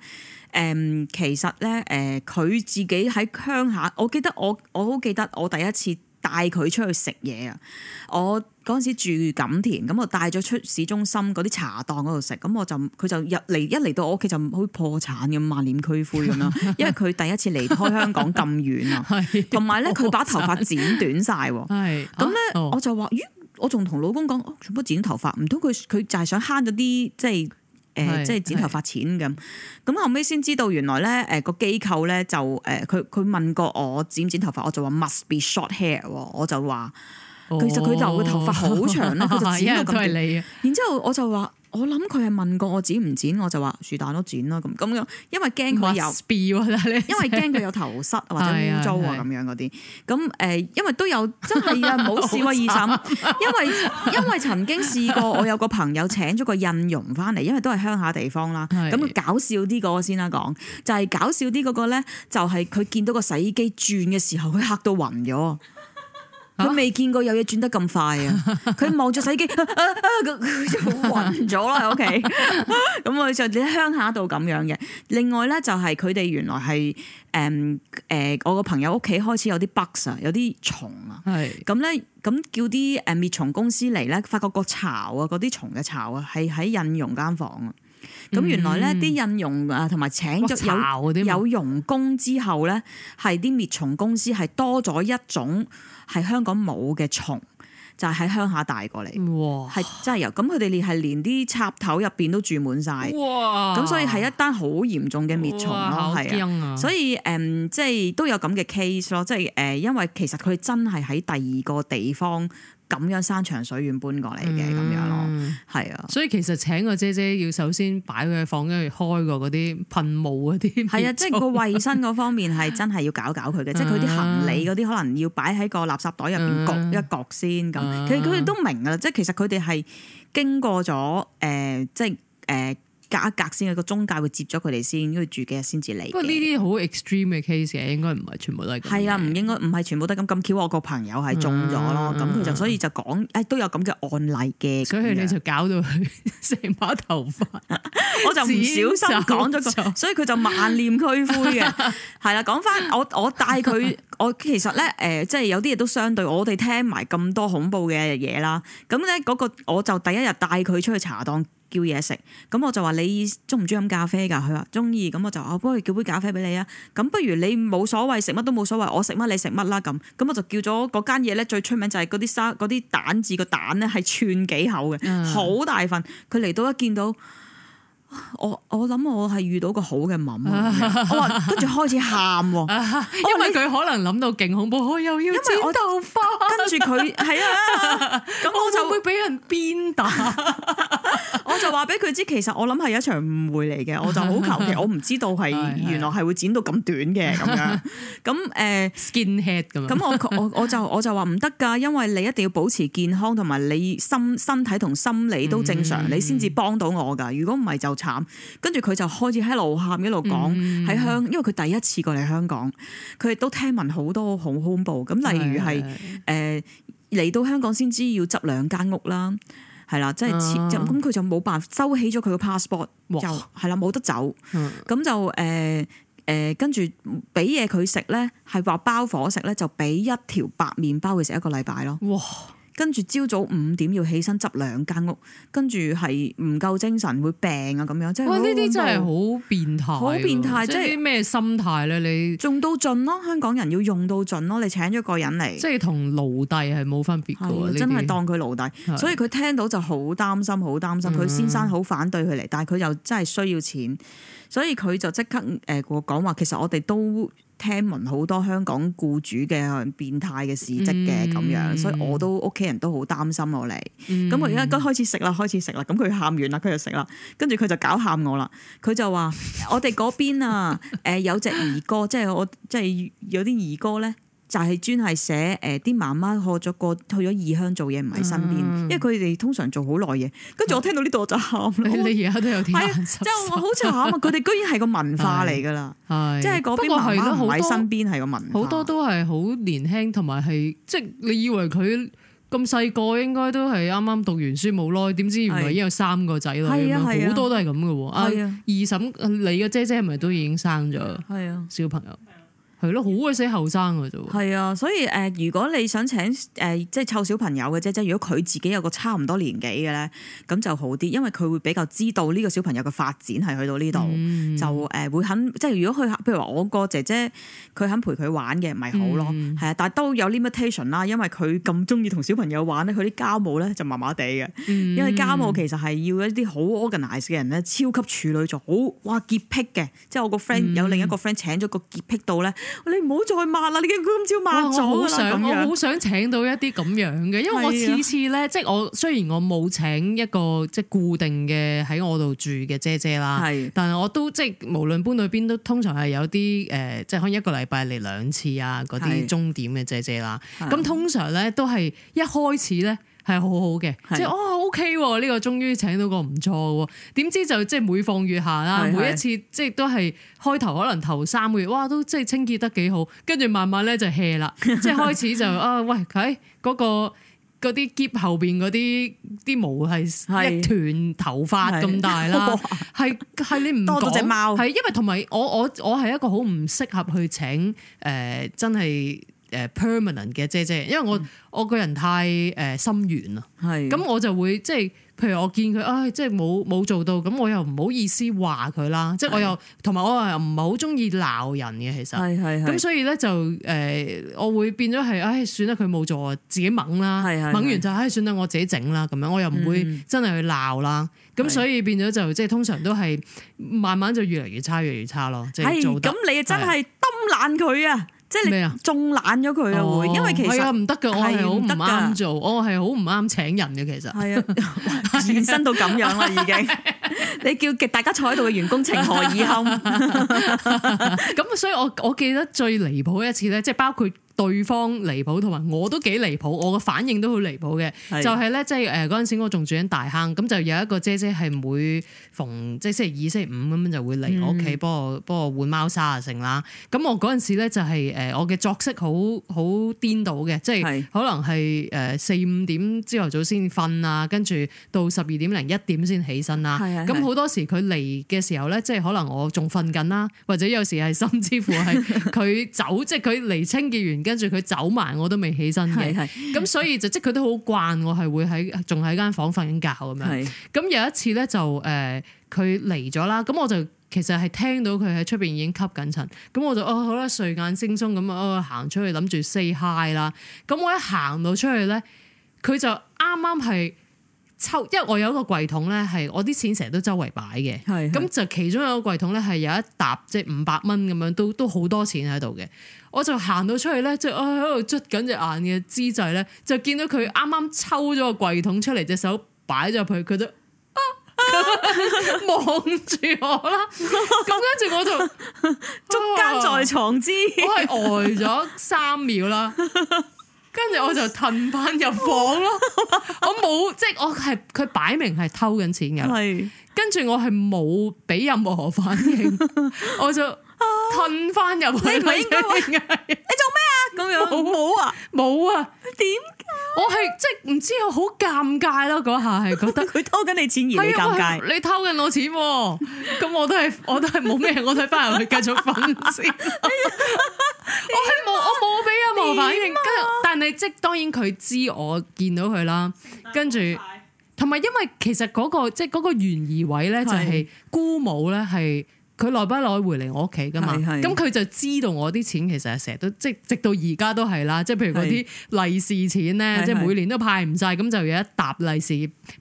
誒、嗯，其實咧，誒、呃，佢自己喺鄉下，我記得我，我好記得我第一次帶佢出去食嘢啊！我嗰陣時住錦田，咁我帶咗出市中心嗰啲茶檔嗰度食，咁我就佢就入嚟，一嚟到我屋企就好破產咁，萬念俱灰咁樣，因為佢第一次離開香港咁遠啊，同埋咧佢把頭髮剪短晒，咁咧我就話：咦，我仲同老公講，做、哦、乜剪頭髮？唔通佢佢就係想慳咗啲即係。誒、呃，即係剪頭髮錢咁，咁後尾先知道原來咧，誒個機構咧就誒，佢佢問過我剪唔剪頭髮，我就話 must be short hair，我就話，哦、其實佢、哦、就個頭髮好長咧，佢剪到咁，然之後我就話。我諗佢係問過我剪唔剪，我就話樹蛋都剪咯，咁咁樣，因為驚佢有，有因為驚佢有頭虱，或者污糟啊，咁樣嗰啲。咁誒的，因為都有真係啊，冇試過二嬸，為很慘 因為 因為曾經試過，我有個朋友請咗個印傭翻嚟，因為都係鄉下地方啦。咁的搞笑啲嗰、那個我先啦講，就係、是、搞笑啲嗰、那個咧，就係佢見到個洗衣機轉嘅時候，佢嚇到暈咗。佢未見過有嘢轉得咁快啊！佢望住手機，佢就暈咗啦喺屋企。咁啊，就喺鄉下度咁樣嘅。另外咧、就係，就係佢哋原來係誒誒，我個朋友屋企開始有啲 bugs 啊，有啲蟲啊。係咁咧，咁叫啲誒滅蟲公司嚟咧，發覺個巢啊，嗰啲蟲嘅巢啊，係喺印傭間房啊。咁、嗯、原來咧，啲印傭啊，同埋請咗有有傭工之後咧，係啲滅蟲公司係多咗一種係香港冇嘅蟲，就喺、係、鄉下帶過嚟，係哇真係有。咁佢哋係連啲插頭入邊都住滿晒。咁哇所以係一單好嚴重嘅滅蟲咯，係啊。所以誒、嗯，即係都有咁嘅 case 咯，即係誒，因為其實佢真係喺第二個地方。咁樣山長水遠搬過嚟嘅咁樣咯，係、嗯、啊，所以其實請個姐姐要首先擺佢房，跟住開個嗰啲噴霧嗰啲，係 啊，即係個衞生嗰方面係真係要搞搞佢嘅。啊、即係佢啲行李嗰啲可能要擺喺個垃圾袋入邊焗一焗先咁，佢哋、啊、都明㗎啦，即係其實佢哋係經過咗誒，即係誒。就是呃隔一隔先，個中介會接咗佢哋先，跟住住幾日先至嚟。不過呢啲好 extreme 嘅 case 嘅，應該唔係全部都係。係啊，唔應該唔係全部都咁。咁巧，我個朋友係中咗咯，咁佢就所以就講，誒、哎、都有咁嘅案例嘅。 所以就搞到佢成把頭髮，我就唔小心講咗個，所以佢就萬念俱灰嘅。係啦、 啊，講翻我我帶佢，我其實咧誒、呃，即係有啲嘢都相對，我哋聽埋咁多恐怖嘅嘢啦。咁咧嗰個我就第一日帶佢出去查檔。.叫嘢食，咁我就話你中唔中意飲咖啡噶？佢話中意，咁我就話我幫你叫杯咖啡俾你啊。咁不如你冇所謂食乜都冇所謂，我食乜你食乜啦咁。咁我就叫咗嗰間嘢咧，最出名就係嗰啲沙啲蛋字個蛋咧係寸幾口嘅，好大份。佢嚟到一見到。我我諗我係遇到個好嘅文，啊、我話跟住開始喊、啊，因為佢可能諗到勁恐怖，我又要剪頭髮，跟住佢係啊，咁 我就我會俾人鞭打， 我就話俾佢知，其實我諗係一場誤會嚟嘅，我就好求其，我唔知道係 原來係會剪到咁短嘅咁 樣，咁誒、呃、skin head 咁那樣，咁我我我就我就話唔得噶，因為你一定要保持健康，同埋你心身體同心理都正常，嗯嗯、你先至幫到我噶，如果唔係就。慘，跟住佢就開始喺路喊，一路講喺香，因為佢第一次過嚟香港，佢亦都聽聞好多好恐怖，咁例如係誒嚟到香港先知要執兩間屋啦，係啦，即係咁，佢、啊、就冇辦法收起咗佢個 passport，就係啦，冇得走，咁、嗯、就誒誒，跟住俾嘢佢食咧，係、呃、話包伙食咧，就俾一條白麵包佢食一個禮拜咯。哇跟住朝早五點要起身執兩間屋，跟住係唔夠精神會病啊咁樣，哇！呢啲真係好變態，好變態，即係咩心態咧？你用到盡咯，香港人要用到盡咯，你請咗個人嚟，即係同奴隸係冇分別嘅，的些真係當佢奴隸，的所以佢聽到就好擔心，好擔心。佢的先生好反對佢嚟，但係佢又真係需要錢。所以佢就即刻誒，講話，其實我哋都聽聞好多香港僱主嘅變態嘅事蹟嘅咁樣，所以我都屋企人都好擔心我哋。咁、嗯、我而家都開始食啦，開始食啦。咁佢喊完啦，佢就食啦。跟住佢就搞喊我啦。佢就話：我哋嗰邊啊，誒、 呃、有隻兒歌，即係我即係有啲兒歌咧。就係專係寫誒啲媽媽學咗個去咗異鄉做嘢，唔喺身邊，因為佢哋通常做好耐嘢。跟住我聽到呢度我就喊，你而家都有啲係啊！即係我好慘啊！佢哋居然係個文化嚟噶啦，即係嗰啲媽媽唔喺身邊係個文化。好多都係好年輕，同埋係即係你以為佢咁細個，應該都係啱啱讀完書冇耐，點知原來已經有三個仔女？好多都係咁嘅喎。二嬸，你嘅姐姐係咪都已經生咗？係啊，小朋友。係咯，好鬼死後生㗎啫喎！係啊，所以誒、呃，如果你想請誒，即係湊小朋友嘅啫，即係如果佢自己有個差唔多年紀嘅咧，咁就好啲，因為佢會比較知道呢個小朋友嘅發展係去到呢度，就誒、嗯呃、會肯，即、就、係、是、如果佢譬如話我個姐姐，佢肯陪佢玩嘅，咪好咯，係啊，但係都有 limitation 啦，嗯、因為佢咁中意同小朋友玩咧，佢啲家務咧就麻麻地嘅，因為家務其實係要一啲好 organize 嘅人咧，超級處女座，好哇潔癖嘅，即係我個 friend、嗯、有另一個 friend 請咗個潔癖到咧。你唔好再抹啦！你嘅金蕉抹咗啦。我好想，我好想請到一啲咁樣嘅，因為我次次咧，即係我雖然我冇請一個即係固定嘅喺我度住嘅姐姐啦，的但係我都即係無論搬到邊都通常係有啲誒、呃，即係可能一個禮拜嚟兩次啊嗰啲鐘點嘅姐姐啦。咁的通常咧都係一開始咧。係好好嘅，的即係哦 O K 喎，呢、okay, 個終於請到個唔錯喎。點知就即係每放月下啦，的每一次即係都係開頭可能頭三個月，哇都即係清潔得幾好，跟住慢慢咧就 hea 啦， 即係開始就啊、哦、喂，喺、那、嗰個嗰啲喼後邊嗰啲啲毛係一團頭髮咁大啦，係係是的 你唔多隻貓，係因為同埋我我我係一個好唔適合去請誒、呃、真係。誒 permanent 嘅姐姐，因為我我個人太誒心軟啦，咁是的 我就會即係，譬如我見佢，唉、哎，即係冇冇做到，咁我又唔好意思話佢啦，是的 即係我又同埋我又唔係好中意鬧人嘅，其實，咁的所以咧就誒、呃，我會變咗係，唉、哎，算啦，佢冇做啊，自己掹啦，掹完就唉，算啦，我自己整啦，咁樣的、哎、我，我又唔會真係去鬧啦，咁、嗯、所以變咗就即、是、係通常都係慢慢就越嚟越差越嚟越差咯，即、就、係、是、做咁你真係氹爛佢啊！即係你啊，縱懶咗佢啊，會，因為其實唔得㗎，我係好唔啱做，我係好唔啱請人嘅，其實係啊，自身到咁樣啦，已經，你叫大家坐喺度嘅員工情何以堪？咁 所以我我記得最離譜一次咧，即係包括。對方離譜同埋我都幾離譜，我嘅反應都好離譜嘅，是的 就係、是、咧，即係誒嗰陣時我仲住緊大坑，咁就有一個姐姐係每逢即係星期二、星期五咁樣就會嚟我屋企、嗯、幫我幫我換貓砂啊，成啦。咁我嗰陣時咧就係、是、誒、呃、我嘅作息好好顛倒嘅，即係可能係誒四五點朝頭早先瞓啊，跟住到十二點零一點先起身啦。咁好是的 多時佢嚟嘅時候咧，即係可能我仲瞓緊啦，或者有時係甚至乎係佢走， 即係佢嚟清潔完。跟住佢走埋，我都未起身嘅。咁是是、嗯、所以就即佢、就是、都好慣，我係會喺仲喺間房瞓緊覺咁樣。咁是是 有一次咧就誒，佢嚟咗啦。咁我就其實係聽到佢喺出邊已經吸緊塵。咁我就哦好啦，睡眼惺忪咁啊行出去，諗住 say hi 啦。咁我一行到出去咧，佢就啱啱係。抽，因為我有一個櫃桶咧，係我啲錢成日都周圍擺嘅，咁就是是 其中有一個櫃桶咧，係有一沓即係五百蚊咁樣，都都好多錢喺度嘅。我就行到出去咧，就我喺度捽緊隻眼嘅姿際姿勢咧，就見到佢啱啱抽咗個櫃桶出嚟，隻手擺咗入去，佢都望住我啦。咁跟住我就 捉奸在床之、啊，我係呆咗三秒啦。 跟住我就褪翻入房咯， 我冇即係我係佢擺明係偷緊錢嘅，跟住是我係冇俾任何反應， 我就褪翻入去。 你唔應該，你做咩？咁樣好冇啊？冇啊？點解？我係即係唔知，我好尷尬咯、啊。嗰下係覺得佢偷緊你錢而你尷尬，啊、你偷緊我錢、啊，咁 我都係我都係冇咩，我睇翻入去繼續瞓先 麼。我冇我冇俾啊，冇反應。跟但係即係當然佢知我見到佢啦。跟住同埋因為其實嗰、嗰個即係嗰個懸疑位咧，就係姑母咧係。佢耐不耐回嚟我屋企噶嘛？咁佢是是 就知道我啲錢其實係成日都即係直到而家都係啦。即係譬如嗰啲利是錢咧，即係每年都派唔晒，咁是是 就有一沓利是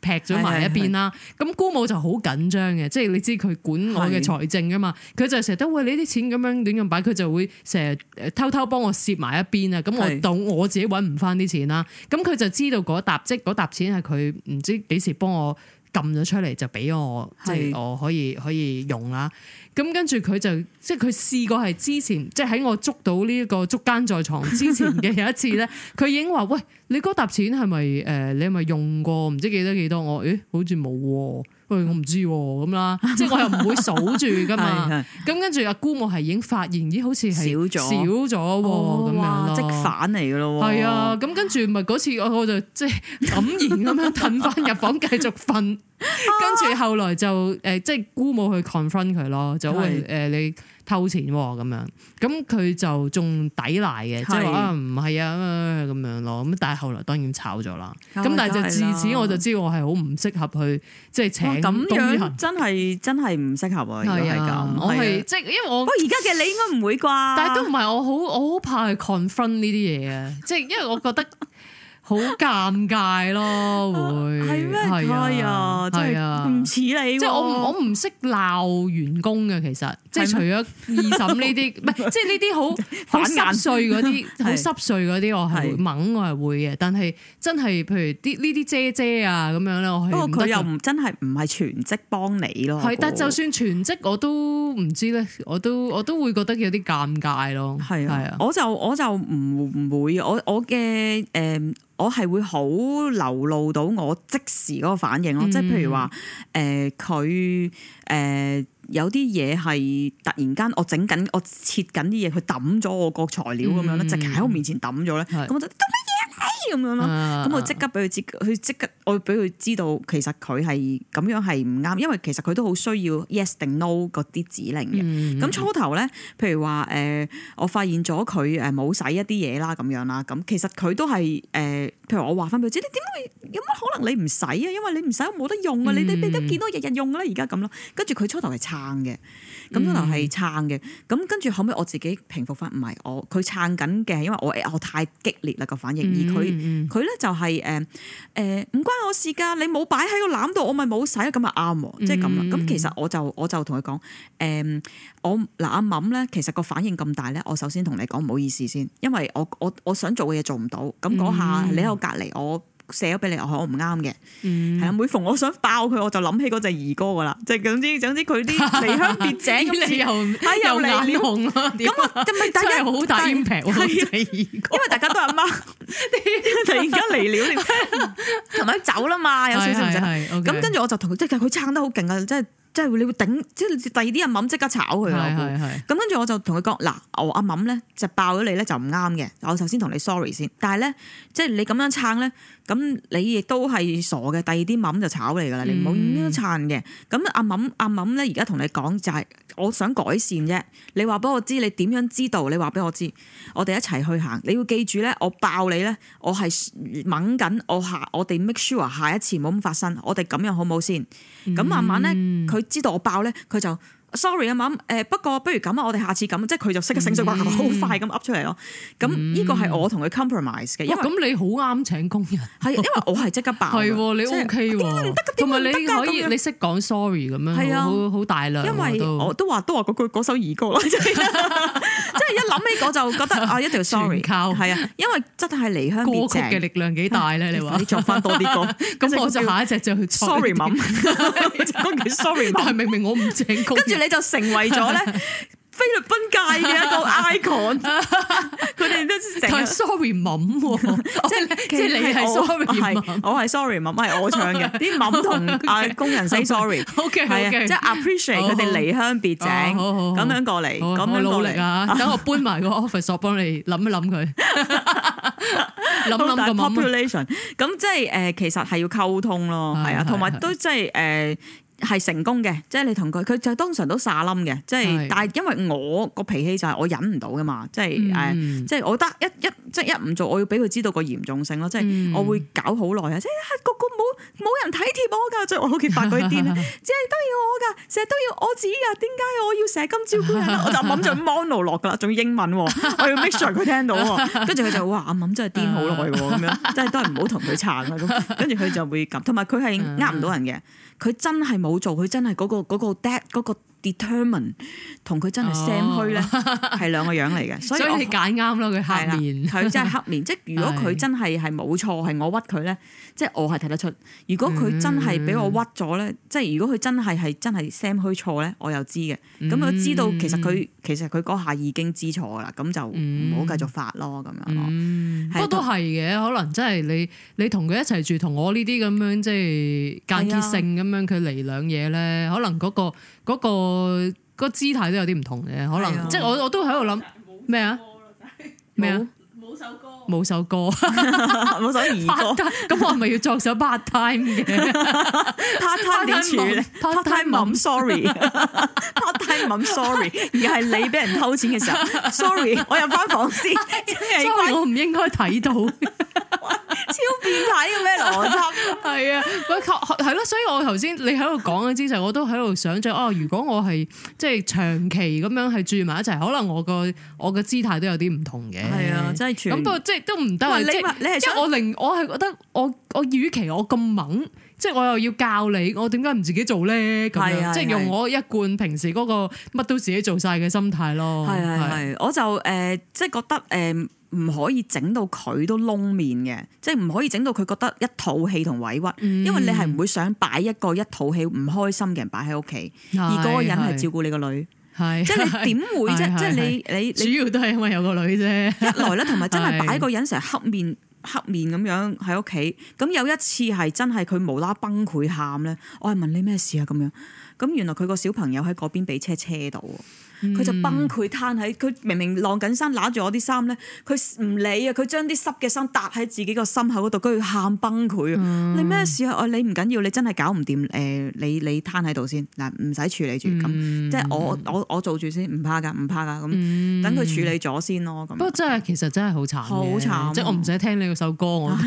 劈咗埋一邊啦。咁姑母就好緊張嘅，即係你知佢管我嘅財政噶嘛？佢是是 就成日都喂，你啲錢咁樣亂咁擺，佢就會成日偷偷幫我攝埋一邊啊！咁我到我自己揾唔翻啲錢啦。咁佢就知道嗰一沓即嗰沓錢係佢唔知幾時幫我。撳咗出嚟就俾我，即係是的 我可以可以用啦、啊。咁跟住佢就，即係佢試過係之前，即係喺我捉到呢一個捉奸在床之前嘅有一次咧，佢 已經話：喂，你嗰沓錢係咪誒，你係咪用過？唔知幾多幾多？我，誒，好似冇喎。欸、我唔知喎、啊，咁啦，即係我又唔會數住噶嘛。咁 的跟住阿姑母係已經發現，咦，好似係少咗少咗喎，咁樣咯。反嚟嘅咯，係啊。咁跟住咪嗰次我我就即係黯然咁樣褪翻入房繼續瞓， 啊、跟住後來就誒、呃、即係姑母去 confront 佢咯，就會誒的、呃、你，抽錢喎咁樣，咁佢就仲抵賴嘅，即係話唔係啊咁樣咯。咁、啊啊、但係後來當然炒咗啦。咁但係就自此我就知道我係好唔適合去即係、就是、請東醫真係真係唔適合啊。係係咁，我係即係因為我我而家嘅你應該唔會啩，但係都唔係我好我好怕去 confirm 呢啲嘢啊，即係 因為我覺得。好尷尬咯，會係咩係啊真、喔？真係唔似你，即係我我唔識鬧員工嘅。其實即係嗎除咗二審呢啲，唔係即係呢啲好反濕碎嗰啲，好濕碎嗰啲，我係會猛，我係會嘅。但係真係譬如啲呢啲姐姐啊咁樣咧，我係不過佢又唔真係唔係全職幫你咯？係，但就算全職我都唔知咧，我都我都，我都會覺得有啲尷尬咯。係啊我，我就我就唔唔會，我我嘅誒。對我係會好流露到我即時個反應咯，即係、嗯、譬如話誒佢誒有啲嘢係突然間我整緊我切緊啲嘢，佢抌咗我個材料咁樣咧，嗯、直情喺我面前抌咗咧，咁是我就。哎，咁樣咯，咁、啊、我即刻俾佢知，佢即刻我俾佢知道，其實佢係咁樣係唔啱，因為其實佢都好需要 yes 定 no 嗰啲指令嘅。咁、嗯、初頭咧，譬如話誒、呃，我發現咗佢誒冇使一啲嘢啦，咁樣啦，咁其實佢都係誒、呃，譬如我話翻俾佢知，你點會有乜可能你唔使啊？因為你唔使冇得用嘅、嗯，你你都見到日日用嘅啦，而家咁咯。跟住佢初頭係撐嘅，咁、嗯、初頭係撐嘅，咁跟住後尾我自己平復翻，唔係我佢撐緊嘅，係因為我我太激烈啦個反應。嗯佢佢咧就係誒誒唔關我事㗎，你冇擺喺個籃度，我咪冇洗，咁啊啱喎，即係咁啦。咁其實我就我就同佢講，誒、呃、我嗱阿敏咧，其實個反應咁大咧，我首先同你講唔好意思先，因為我我我想做嘅嘢做唔到，咁嗰下你喺我隔離、嗯、我。寫咗俾你，我唔啱嘅，係啦。每逢我想爆佢，我就諗起嗰隻兒歌噶啦，就總之總之佢啲離鄉別井咁字又又利用啊，咁啊，真係好大 impact。第二歌，因為大家都阿媽，而家嚟了，同埋走啦嘛，有少少唔得。咁跟住我就同佢，即係佢撐得好勁啊，即係即係你會頂，即係第二啲人冧，即刻炒佢。係係。咁跟住我就同佢講嗱，我阿冧咧就爆咗你咧就唔啱嘅，我首先同你 sorry 先。但係咧，即係你咁樣撐咧。咁你亦都係傻嘅，第二啲冧就炒你噶啦，你唔好咁撐嘅。咁阿冧阿冧咧，而家同你講就係我想改善啫。你話俾我知，你點樣知道？你話俾我知，我哋一齊去行。你要記住咧，我爆你咧，我係猛緊，我下我哋 make sure 下一次冇咁發生。我哋咁樣好唔好先？咁慢慢咧，佢知道我爆咧，佢就。sorry 啊，冇，不過不如咁啊，我哋下次咁，即係佢就識得成箱掛，好快咁 up 出嚟咯。咁呢個係我同佢 compromise 嘅。哇，咁你好啱請工人，係因為我係即刻爆，係喎，你 OK 喎，得個點得？同埋你可以，你識講 sorry 咁樣，係啊，好大量。因為我都話都話嗰句首兒歌啦，即係一諗起我就覺得啊，一條 sorry，係啊，因為真係離鄉別井嘅力量幾大咧。你話你做翻多啲歌，咁我就下一隻就去 sorry 冇，sorry 冇，但係明明我唔請工。你就成為咗咧菲律賓界嘅一個 icon，佢哋都成日 sorry ma'am，即係即係你係 sorry ma'am，我係 sorry ma'am，係我唱嘅，啲 ma'am 同工人 say sorry，OK 係即係 appreciate 佢哋離鄉別井，咁樣過嚟，咁樣努嚟，等我搬埋個 office 我幫你諗一諗佢，諗諗個 Population 咁即係誒，其實係要溝通咯，係啊，同埋都即係誒。係成功嘅，即係你同佢，佢就通常都傻冧嘅，即係。是但係因為我個脾氣就係我忍唔到噶嘛，嗯、即係誒，即係我得一一即係一唔做，我要俾佢知道個嚴重性咯，嗯、即係我會搞好耐啊，即係個個冇冇人體貼我噶，即係我好似發癲啊， 只係都要我噶，成日都要我指噶，點解我要成日今朝古我就諗住 mon 落噶啦，仲要英文，我要 make sure 佢聽到，跟住佢就哇，阿敏真係癲好耐，咁樣即係都係唔好同佢撐啊，咁跟住佢就會咁，同埋佢係呃唔到人嘅。 佢真係冇做，佢真係嗰個嗰個 dead 嗰個。determine 同佢真係 sam 虛咧係兩個樣嚟嘅。哦、所以你揀啱咯，佢黑面，佢真係黑面， 即係如果佢真係係冇錯，係我屈佢咧，是 即係我係睇得出。如果佢真係俾我屈咗咧，嗯、即係如果佢真係係真係 sam 虛錯咧，我又知嘅。咁佢知道其實佢其實佢嗰下已經知錯啦，咁就唔好繼續發咯，咁樣咯。不過都係嘅，可能真係你你同佢一齊住，同我呢啲咁樣即係間歇性咁樣佢嚟兩嘢咧，可能嗰個嗰個。嗰個個個姿態都有啲唔同嘅，可能的即係我我都喺度諗咩啊咩啊冇首歌。冇沒首歌， 冇首兒歌，咁我係咪要作首 part time 嘅？part time 點算 ？part time 唔，sorry，part time 唔，sorry、part。Mom, sorry. 而係你俾人偷錢嘅時候，sorry，我入翻房先，因為我唔應該睇到， 超變態嘅咩邏輯？係 啊，喂，係咯，所以我頭先你喺度講嘅姿勢，我都喺度想象哦，如果我係即係長期咁樣係住埋一齊，可能我個我嘅姿態都有啲唔同嘅。係啊，真係咁，不過即係。都唔得，喂即你即係我令我係覺得我我與其我咁猛，即係我又要教你，我點解唔自己做咧？咁樣是是是即係用我一貫平時嗰個乜都自己做晒嘅心態咯。係係係，我就誒、呃、即係覺得誒唔、呃、可以整到佢都窿面嘅，即係唔可以整到佢覺得一肚氣同委屈，嗯、因為你係唔會想擺一個一肚氣唔開心嘅人擺喺屋企，是是而嗰個人係照顧你個女。是是係 即係點會 即係你 你主要都係因為有個女啫 一來咧，同埋真係擺個人成黑面黑面咁樣喺屋企咁。有一次係真係佢無啦崩潰喊咧，我、哎、係問你咩事啊？咁樣咁原來佢個小朋友喺嗰邊俾車車到。佢就崩潰攤喺，佢明明晾緊衫攞住我啲衫咧，佢唔理啊！佢將啲濕嘅衫搭喺自己個心口嗰度，跟住喊崩潰啊！你咩事啊？你唔緊要，你真係搞唔掂誒？你你攤喺度先嗱，唔使處理住咁，即係我我我做住先，唔怕噶，唔怕噶，咁等佢處理咗先咯。咁不過真係其實真係好慘好慘，即我唔使聽你嗰首歌，我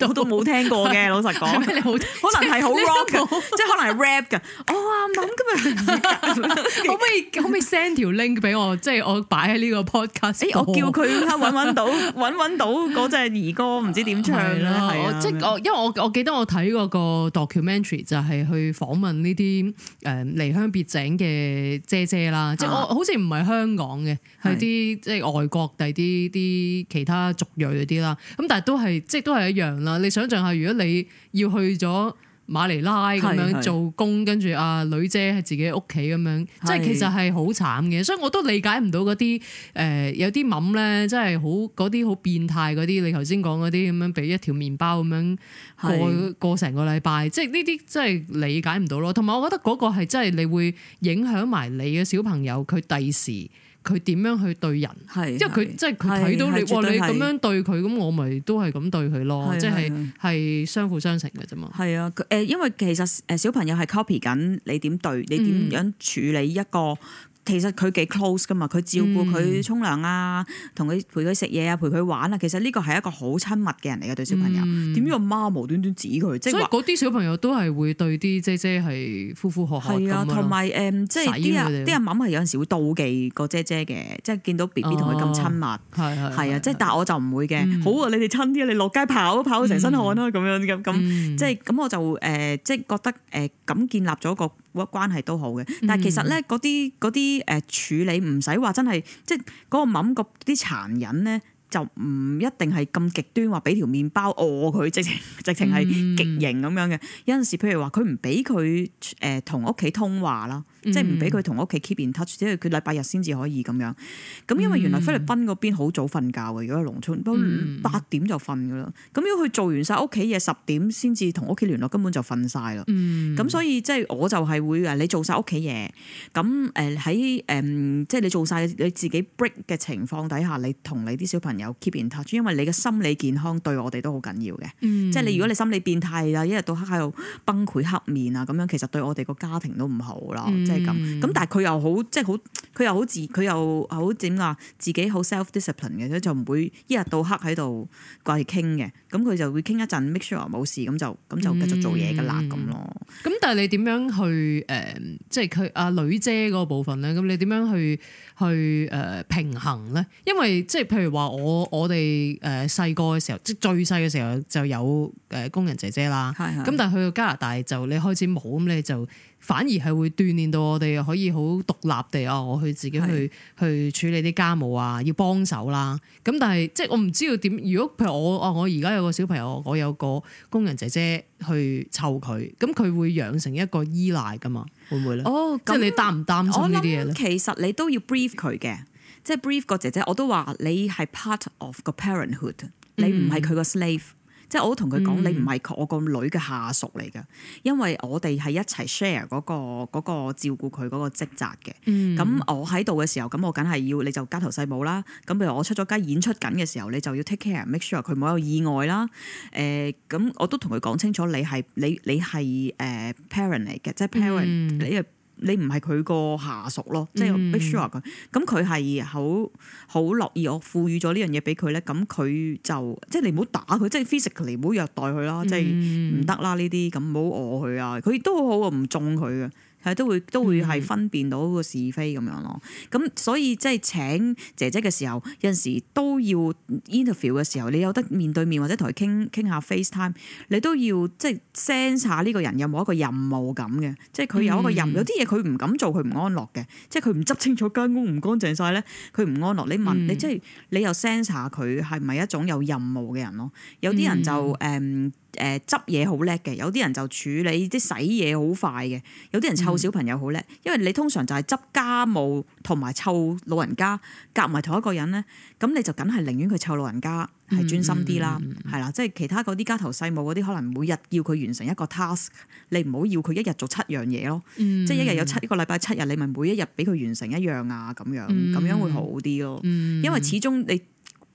都都冇聽過嘅。老實講，可能係好 rock，即係可能係 rap 嘅。我啊諗咁可唔可以可唔可以 send 條 link 俾我，即係我擺喺呢個 podcast。誒，我叫佢啱揾揾到，揾揾 到嗰隻兒歌唔知點唱啦。係即係我，麼因為我我記得我睇嗰個 documentary 就係去訪問呢啲誒離鄉別井嘅姐姐啦。即係我好似唔係香港嘅，係啲即係外國第啲啲其他族裔嗰啲啦。咁但係都係即係都係一樣啦。你想像下，如果你要去咗。馬尼拉咁樣做工，跟住阿女姐喺自己屋企咁樣，是即係其實係好慘嘅，所以我都理解唔到嗰啲誒有啲諗咧，即係好嗰啲好變態嗰啲，你頭先講嗰啲咁樣俾一條麵包咁樣過是過成個禮拜，即係呢啲真係理解唔到咯。同埋我覺得嗰個係真係你會影響埋你嘅小朋友，佢第時。佢點樣去對人？是因為佢即係佢睇到你，哇！你咁樣對佢，咁我咪都係咁對佢咯。即係係相輔相成嘅啫嘛。係啊，誒、呃，因為其實誒小朋友係 copy 緊你點對，嗯、你點樣處理一個。其實佢幾 close 㗎嘛，佢照顧佢沖涼啊，同佢陪佢食嘢啊，陪佢玩啊，其實呢個係一個好親密嘅人嚟嘅、嗯、對小朋友。點樣個媽無端端指佢？即係嗰啲小朋友都係會對啲姐姐係呼呼喝喝，咁係啊，同埋誒，即係啲啊啲啊，阿媽、就、係、是、有陣時會妒忌個姐姐嘅，即係見到 B B 同佢咁親密。係、哦、啊，即係、嗯、但係我就唔會嘅。嗯、好啊，你哋親啲啊，你落街跑跑到成身汗啊，咁樣咁咁，即係咁我就誒，即係覺得誒。嗯嗯嗯嗯嗯嗯嗯咁建立咗個關關係都好嘅，但係其實咧嗰啲嗰啲，誒處理唔使話真係即係嗰個諗嗰啲殘忍咧，就唔一定係咁極端，話俾條麵包餓佢，直情直情係極刑咁樣嘅。有陣時譬如話佢唔俾佢誒同屋企通話啦。即係唔俾佢同屋企 keep in touch，即係佢禮拜日先至可以咁樣。咁因為原來菲律賓嗰邊好早瞓覺嘅，如果喺農村，都八、嗯、點就瞓噶啦。咁如果佢做完晒屋企嘢，十點先至同屋企聯絡，根本就瞓晒啦。咁、嗯、所以即係我就係會誒，你做晒屋企嘢，咁誒喺誒即係你做晒你自己 break 嘅情況底下，你同你啲小朋友 keep in touch，因為你嘅心理健康對我哋都好緊要嘅。嗯、即係你如果你心理變態啊，一日到黑喺度崩潰黑面啊咁樣，其實對我哋個家庭都唔好啦。嗯咁咁、嗯，但係佢又好，即係好，佢又好自，佢又好點啊？自己好 self-discipline 嘅，所以就唔會一日到黑喺度掛住傾嘅。咁佢就會傾一陣，make sure 冇事，咁就咁就繼續做嘢噶啦咁咯。咁、嗯、但係你點樣去誒、呃？即係佢阿女姐嗰部分咧？咁你點樣去去誒平衡咧？因為即係譬如話我我哋誒細個嘅時候，即係最細嘅時候就有誒工人姐姐啦。咁的但係去到加拿大就你開始冇咁你就。反而係會鍛煉到我哋可以好獨立地啊！我去自己去去處理啲家務啊，是的 要幫手啦。咁但係即係我唔知道點。如果譬如我啊，我而家有個小朋友，我有個工人姐姐去湊佢，咁佢會養成一個依賴噶嘛？會唔會咧？哦，即係你擔唔擔心呢啲嘢咧？其實你都要 brief 佢嘅，即、就、係、是、brief 個姐姐。我都話你係 part of 個 parenthood，你唔係佢個 slave、嗯。即係我都同佢講，你唔係我個女嘅下屬嚟嘅，因為我哋係一齊 share 嗰、嗰個嗰個照顧佢嗰個職責嘅。咁、嗯、我喺度嘅時候，咁我梗係要你就家頭細務啦。咁譬如我出咗街演出緊嘅時候，你就要 take care make sure 佢冇有意外啦。誒、呃，咁我都同佢講清楚你，你係你、uh，即係 parent，嗯、你係誒 parent 嚟嘅，即係 parent。你唔係佢個下屬咯，即係 be sure 佢，咁佢係好好樂意我賦予咗呢樣嘢俾佢咧，咁佢就即係你唔好打佢，即係 physically 唔好虐待佢啦，嗯、即係唔得啦呢啲，咁唔好餓佢啊，佢亦都好好唔縱佢嘅。係都會都會係分辨到個是非咁、嗯、樣咯，咁所以即係請姐姐嘅時候，有陣時都要 interview 嘅時候，你有得面對面或者同佢傾傾下 FaceTime，你都要即係 sense 下呢個人有冇一個任務咁嘅，即係佢有一個任務有啲嘢佢唔敢做，佢唔安樂嘅，即係佢唔執清楚間屋唔乾淨晒咧，佢唔安樂。你問、嗯、你即、就、係、是、你又 sense 下佢係咪一種有任務嘅人咯？有啲人就誒誒、嗯嗯、執嘢好叻嘅，有啲人就處理即係洗嘢好快嘅，有啲人湊。個小朋友好叻，因為你通常就係執家務同埋湊老人家夾埋同一個人咧，咁你就梗係寧願佢湊老人家係專心啲啦，係啦、mm，即、hmm. 係其他嗰啲家頭細務嗰啲，可能每日要佢完成一個 task，你唔好要佢一日做七樣嘢咯，mm hmm. 即係一日有七一個禮拜七日，你咪每一日俾佢完成一樣啊，咁樣咁、mm hmm. 樣會好啲咯，因為始終你。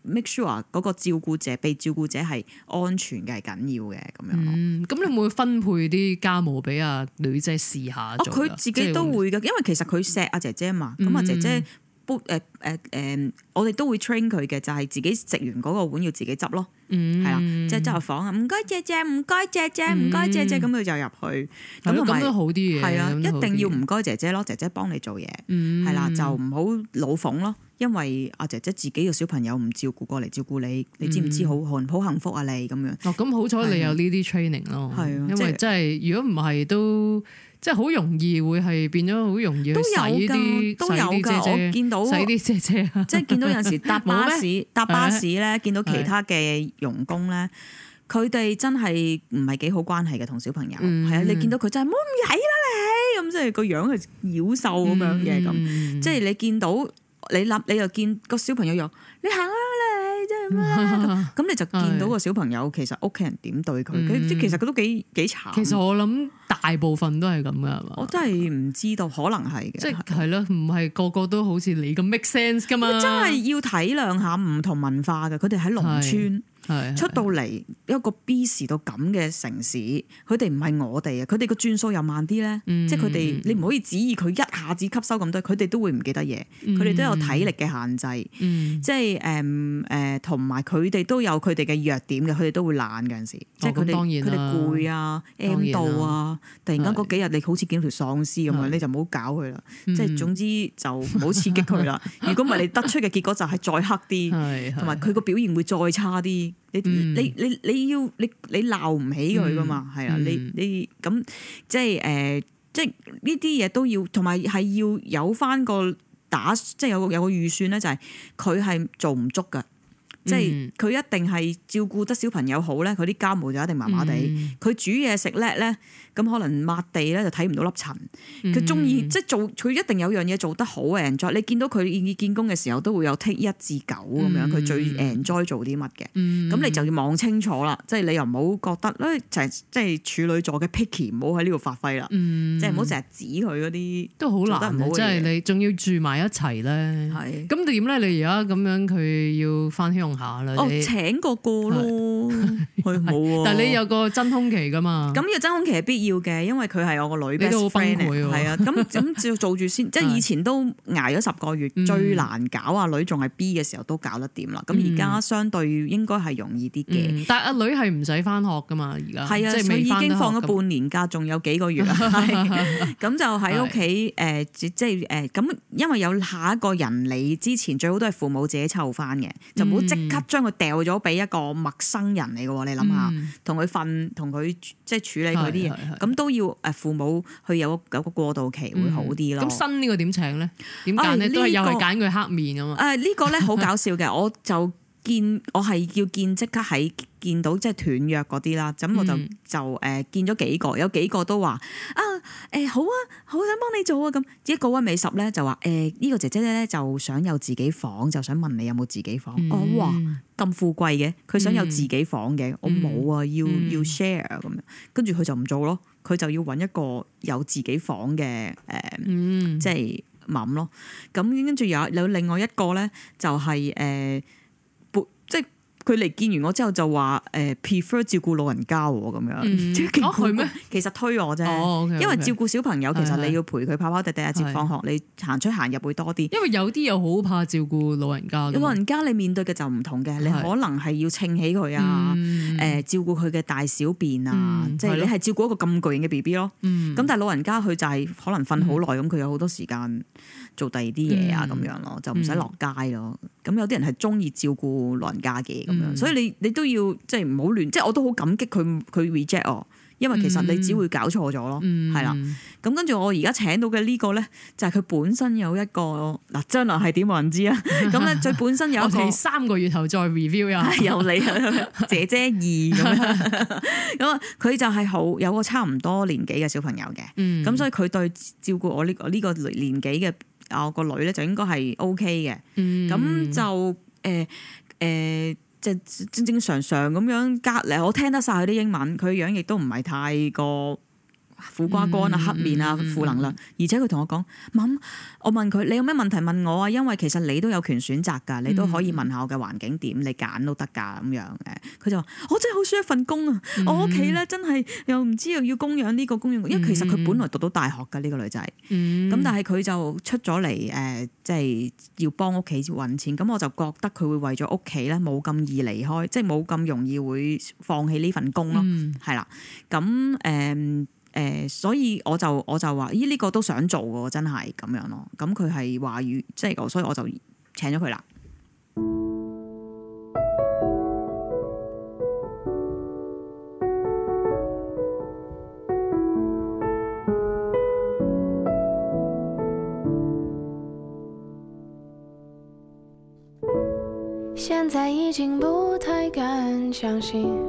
make sure 啊，嗰個照顧者被照顧者係安全嘅，係緊要嘅咁樣。嗯，咁你會分配啲家務俾阿女仔試下？哦，佢自己都會嘅，因為其實佢錫阿姐姐嘛。咁啊，姐姐不誒誒我哋都會 train 佢嘅，就係自己食完嗰個碗要自己執咯。嗯，係啦，即係執下房啊，唔該，姐姐，唔該，姐姐，唔該，姐姐，咁佢就入去。咁咁都好啲嘅，係啊，一定要唔該姐姐咯，姐姐幫你做嘢。嗯，係啦，就唔好老奉咯。因為阿姐姐自己個小朋友唔照顧過嚟照顧你，你知唔知好幸好幸福啊你咁樣？哦，咁好彩你有呢啲 training 咯。係啊，因為真係如果唔係都即係好容易會係變咗好容易洗啲洗啲姐姐，即係見到有時搭巴士搭巴士咧，見到其他嘅傭工咧，佢哋真係唔係幾好關係嘅同小朋友。係啊，你見到佢真係冇咁曳啦你，咁即係個樣係妖獸咁樣嘅咁，即係你見到。你立你又見個小朋友又你行嚟啫嘛，咁 你就見到個小朋友其實屋企人點對佢，佢即其實佢都幾幾慘。其實我諗大部分都係咁噶，係嘛？我真係唔知道，可能係嘅。即係是咯，唔係吧個個都好似你咁 make sense 噶嘛。佢真係要體諒下唔同文化嘅，佢哋喺農村，出到嚟一個 B 市到咁嘅城市，佢哋唔係我哋啊！佢哋個轉數又慢啲咧，即係佢哋你唔可以指意佢一下子吸收咁多，佢哋都會唔記得嘢，佢哋都有體力嘅限制，即係誒誒同埋佢哋都有佢哋嘅弱點嘅，佢哋都會懶嘅有陣時，即係佢哋佢哋攰啊 M 到啊，突然間嗰幾日你好似見到條喪屍咁樣，你就唔好搞佢啦，即係總之就唔好刺激佢啦。如果唔係你得出嘅結果就係再黑啲，同埋佢個表現會再差啲。你、嗯、你你你要你你鬧唔起佢㗎嘛，係、嗯、啊，你你咁即係誒，即係呢啲嘢都要，同埋係要有返個打，即係有個、有個、有個預算咧，就係佢係做唔足㗎，即係佢一定係照顧得小朋友好咧，佢啲家務就一定麻麻地，佢、嗯、煮嘢食叻咧。咁可能抹地咧就睇唔到粒塵，佢中意即係做佢一定有樣嘢做得好 enjoy，你見到佢願意見工嘅時候都會有剔一至九咁樣，佢最 enjoy 做啲乜嘅，咁你就要望清楚啦。即係你又唔好覺得咧，成即係處女座嘅 picky，唔好喺呢度發揮啦，即係唔好成日指佢嗰啲都好難，即係你仲要住埋一齊咧。咁點咧？你而家咁樣佢要翻鄉下啦。哦，請個過咯，但係你有個真空期噶嘛？咁嘅真空期係必要。要嘅，因為佢係我個女，best friend 係啊，咁咁照做住先，即係以前都挨咗十個月，最難搞啊，女仲係 B 嘅時候都搞得掂啦，咁而家相對應該係容易啲嘅。但係阿女係唔使翻學噶嘛？而家係啊，佢已經放咗半年假，仲有幾個月啊，咁就喺屋企誒，即係誒，咁因為有下一個人嚟之前，最好都係父母自己湊翻嘅，就唔好即刻將佢掉咗俾一個陌生人嚟嘅喎，你諗下，同佢瞓，同佢即係處理佢啲嘢。咁都要誒父母去有個有個過渡期會好啲咯。咁、嗯、新呢個,呢、哎這個點請咧？點揀咧？都係又係揀佢黑面啊嘛、哎。誒、這、呢個咧好搞笑嘅， 我就～見我係要見即刻喺見到即係斷約嗰啲啦，咁我就就誒、呃、見咗幾個，有幾個都話啊誒、欸、好啊，好想幫你做啊咁，一個溫美十咧就話誒呢個姐姐咧就想有自己房，就想問你有冇自己房？哦哇，咁富貴嘅，佢想有自己房嘅，嗯、我冇啊，要、嗯、要 share 咁樣，跟住佢就唔做咯，佢就要揾一個有自己房嘅誒，呃嗯、即係冧咯。咁跟住有有另外一個咧就係、是、誒。呃佢嚟見完我之後就話誒 prefer 照顧老人家喎咁樣，哦係咩？其實推我啫，因為照顧小朋友其實你要陪佢跑跑趯，第一節放學你行出行入會多啲。因為有啲又好怕照顧老人家，老人家你面對嘅就唔同嘅，你可能係要稱起佢啊，誒照顧佢嘅大小便啊，即係你係照顧一個咁巨型嘅 B B 咯。咁但係老人家佢就係可能瞓好耐，咁佢有好多時間做第二啲嘢啊，咁樣咯，就唔使落街咯。咁有啲人係中意照顧老人家嘅咁樣，嗯、所以你你都要即係唔好亂，即係我都好感激佢佢 reject 我，因為其實你只會搞錯咗咯，係啦、嗯。咁跟住我而家請到嘅呢個咧，就係佢本身有一個嗱，將來係點冇人知啊。咁咧 最本身有一個 三個月後再 review 又又 你姐姐二咁樣咁啊，佢 就係好有個差唔多年紀嘅小朋友嘅，咁、嗯、所以佢對照顧我呢、呢個呢、呢個年紀嘅。啊，我個女咧就應該係 OK 嘅，咁、嗯、就誒誒，即、呃呃、正正常常咁樣隔離，我聽得晒佢啲英文，佢樣亦都唔係太過。苦瓜乾啊、嗯嗯、黑面啊、負能量，而且佢同我講，媽，我問佢你有咩問題問我啊？因為其實你都有權選擇㗎，嗯、你都可以問下我嘅環境點，你揀都得㗎咁樣。誒，佢就話：我真係好需要一份工啊！嗯、我屋企咧真係又唔知又要供養呢個供養，因為其實佢本來讀到大學嘅呢、呢個女仔。咁、嗯、但係佢就出咗嚟誒，即、呃、係、即係、要幫屋企揾錢。咁我就覺得佢會為咗屋企咧冇咁易離開，即係冇咁容易會放棄呢份工囉、嗯。嗯。係、嗯、啦，咁、嗯、誒。誒、呃，所以我就我就話，咦、欸、呢、這個都想做喎，真係咁樣咯。咁佢係話語即係我，所以我就請咗佢啦。現在已經不太敢相信。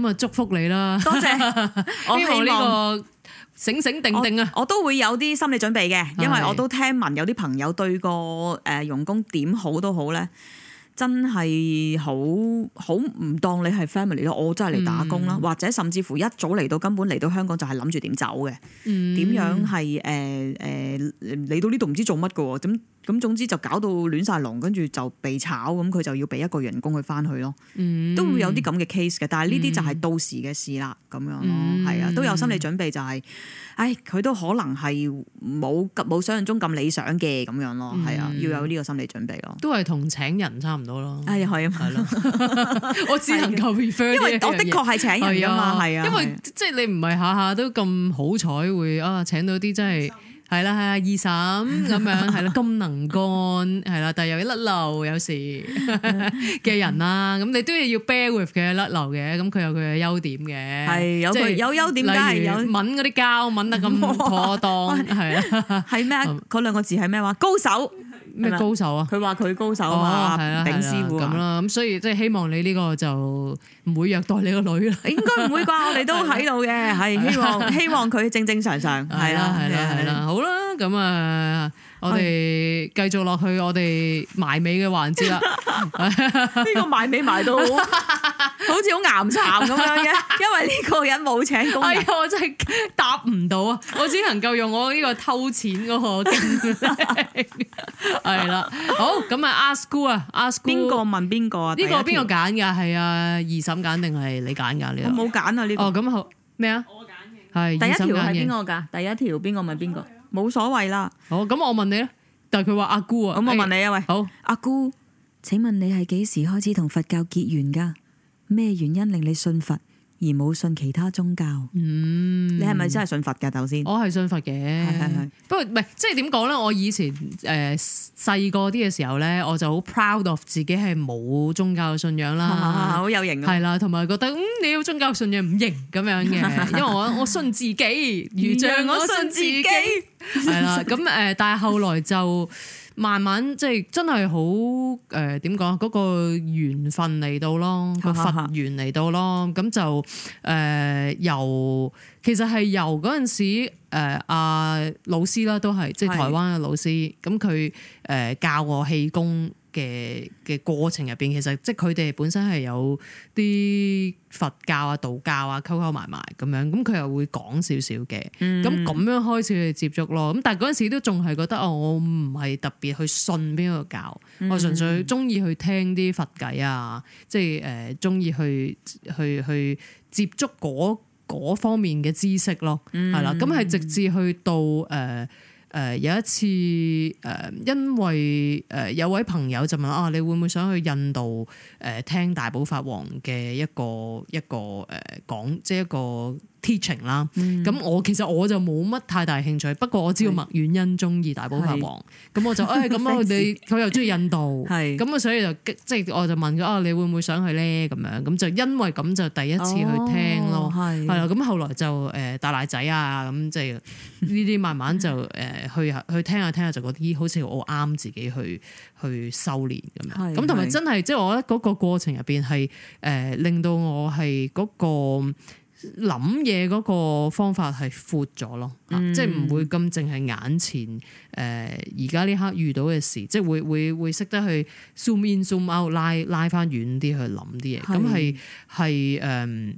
咁啊，祝福你啦！多謝， 我希望呢個醒醒定定啊我！我都會有啲心理準備嘅，因為我都聽聞有啲朋友對個誒傭工點好都好咧，真係好好唔當你係 family 咯，我真係嚟打工啦，嗯、或者甚至乎一早嚟到根本嚟到香港就係諗住點走嘅，點、嗯、樣係誒誒嚟到呢度唔知做乜噶咁。咁總之就搞到亂晒龍，跟住就被炒，咁佢就要俾一個員工去翻去咯，都會有啲咁嘅 case 嘅。但係呢啲就係到時嘅事啦，咁樣咯，係、嗯、啊，都有心理準備就係、是，唉，佢都可能係冇冇想象中咁理想嘅，咁樣咯，係啊，要有呢個心理準備咯。都係同請人差唔多咯，係、哎、啊，係啊了，係咯，我只能夠 refer， 因為我的確係請人啊嘛，係啊，因為即係你唔係下下都咁好彩會啊，請到啲真係。係啦，係啊，二嬸咁樣，係啦，咁能幹，係啦，但係又一甩漏有時嘅人啦，咁、 嗯、你都要要 bear with 嘅甩漏嘅，咁佢有佢嘅優點嘅，係有佢如有，有優點，例如揾嗰啲膠揾得咁妥當，係啦，係咩？嗰 兩個字係咩話？高手。咩高手啊？佢話佢高手啊，係啊，頂師傅咁啦。咁所以即係希望你呢個就唔會虐待你個女啦。應該唔會啩？我哋都喺度嘅，係希望希望佢正正常常。係啦，係啦，係啦。好啦，咁啊。我哋繼續落去我哋埋尾嘅環節啦。呢 個埋尾埋到好似好岩巉咁樣，因為呢個人冇請工。哎呀，我真係答唔到啊！我只能夠用我呢個偷錢嗰個勁。係啦， 好咁啊，Ask Goo 啊，Ask Goo？邊個問邊個啊？呢個邊、邊個揀嘅？係啊、哦，二嬸揀定係你揀噶？呢我冇揀啊呢。哦，咁好。咩啊？我揀嘅。係。第一條係邊個噶？第一條邊個問邊個？誰冇所謂啦。好，咁我問你咧，但係佢話阿姑啊，咁我問你啊，喂，好阿姑，請問你係幾時開始同佛教結緣噶？咩原因令你信佛而冇信其他宗教？嗯。係咪真係信佛噶頭先？我係信佛嘅，係係係。不過唔係，即係點講咧？我以前誒細個啲嘅時候咧，我就好 proud of 自己係冇宗教信仰啦，好、啊、有型。係啦，同埋覺得嗯，你要宗教信仰唔型咁樣嘅，因為我我信自己，如 像我信自己。係啦，咁誒， 但係後來就。慢慢即係真係好誒，點、呃、講？嗰、那個緣分嚟到咯，個 佛緣嚟到咯，咁就誒、呃、由，其實係由嗰陣時誒阿、呃啊、老師啦，都係即係台灣嘅老師，咁佢誒教我氣功。嘅嘅過程入邊，其實即係佢哋本身係有啲佛教啊、道教啊，溝溝埋埋咁樣，咁佢又會講少少嘅，咁咁、嗯、樣開始去接觸咯。咁但係嗰陣時都仲係覺得啊、哦，我唔係特別去信邊個教，嗯、我純粹鍾意去聽啲佛偈啊，即係誒鍾意去去去接觸嗰方面嘅知識咯，係啦、嗯。咁係直至去到誒。呃誒、呃、有一次誒、呃，因為誒、呃、有位朋友就問啊，你會唔會想去印度誒、呃、聽大寶法王嘅一個一個誒、呃、講，即係一個。teaching 啦，咁我其實我就冇乜太大興趣，嗯、不過我知道麥婉欣中意大寶法王，咁是 我就誒咁啊你佢又中意印度，咁啊是 所以就即係我就問佢啊，你會唔會想去咧？咁樣咁就因為咁就第一次去聽咯，係啦、哦，咁後來就誒大、呃、奶仔啊咁即係呢啲慢慢就誒去去聽下聽下就覺得好似好啱自己去去修練咁樣，咁同埋真係即係我覺得嗰個過程入邊係誒令到我係嗰、那個。諗嘢嗰個方法係闊咗咯，即係唔會咁淨係眼前，誒而家呢刻遇到嘅事，即係會會會識得去 zoom in zoom out，拉拉翻遠啲去諗啲嘢，咁係係誒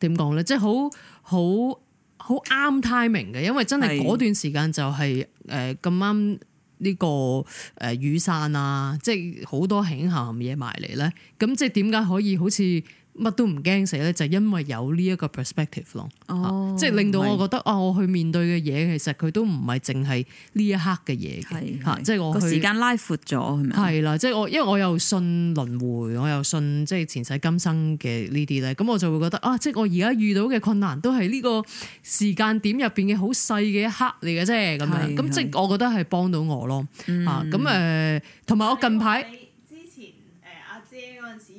點講咧？即係好好好啱 timing 嘅，嗯、對對 time, 因為真係嗰段時間就係誒咁啱呢個誒雨傘啊，即係好多慶幸嘅嘢埋嚟咧。咁即係點解可以好似？乜都唔驚死咧，就係，因為有呢一個 perspective 咯，噢即係令到我覺得啊是、喔，我去面對嘅嘢其實佢都唔係淨係呢一刻嘅嘢嘅，吓，即係我個時間拉闊咗係咪？係啦，即係我因為我又信輪回我又信即係前世今生嘅呢啲咧，咁、嗯、我就會覺得啊，即係我而家遇到嘅困難都係呢個時間點入邊嘅好細嘅一刻嚟嘅啫，咁是樣，咁即係我覺得係幫到我咯，嚇、嗯，咁誒同埋我近排之前誒阿姐陣時。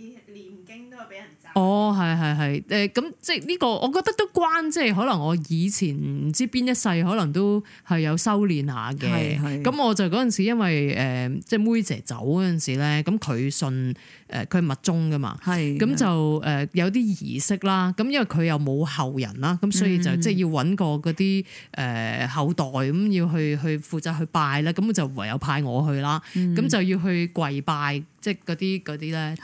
哦、oh, yes, yes, yes. uh, so，係係係，誒咁即係呢個，我覺得都關即係可能我以前唔知邊一世，可能都係有修練下嘅。係咁我就嗰陣時因為誒即係妹姐走嗰陣時咧，咁佢信誒佢係密宗㗎嘛，係咁就誒有啲儀式啦。咁因為佢又冇後人啦，咁所以就即係要揾個嗰啲誒後代咁要去去負責去拜啦。咁就唯有派我去啦。咁就要去跪拜。即係嗰啲嗰啲咧，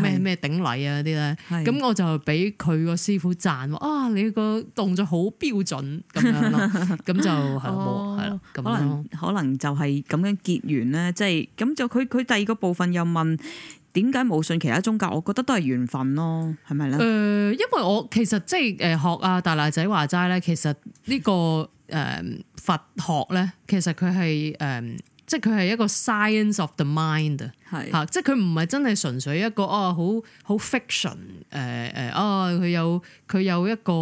咩咩頂，頂禮啊嗰啲咧，咁是我就俾佢個師傅贊，啊你個動作好標準咁樣咯，咁 就係咯，係咯、哦樣，可能可能就係咁樣結緣咧，即係咁就佢、是、佢第二個部分又問點解冇信其他宗教，我覺得都係緣分咯，係咪咧？誒、呃，因為我其實即係誒學啊大喇仔話齋咧，其實呢個誒佛學咧，其實佢係誒即係佢係一個 science of the mind。係吓，即係佢唔係真係純粹一個啊，好好 fiction 誒誒啊，佢、呃哦、有佢有一個誒、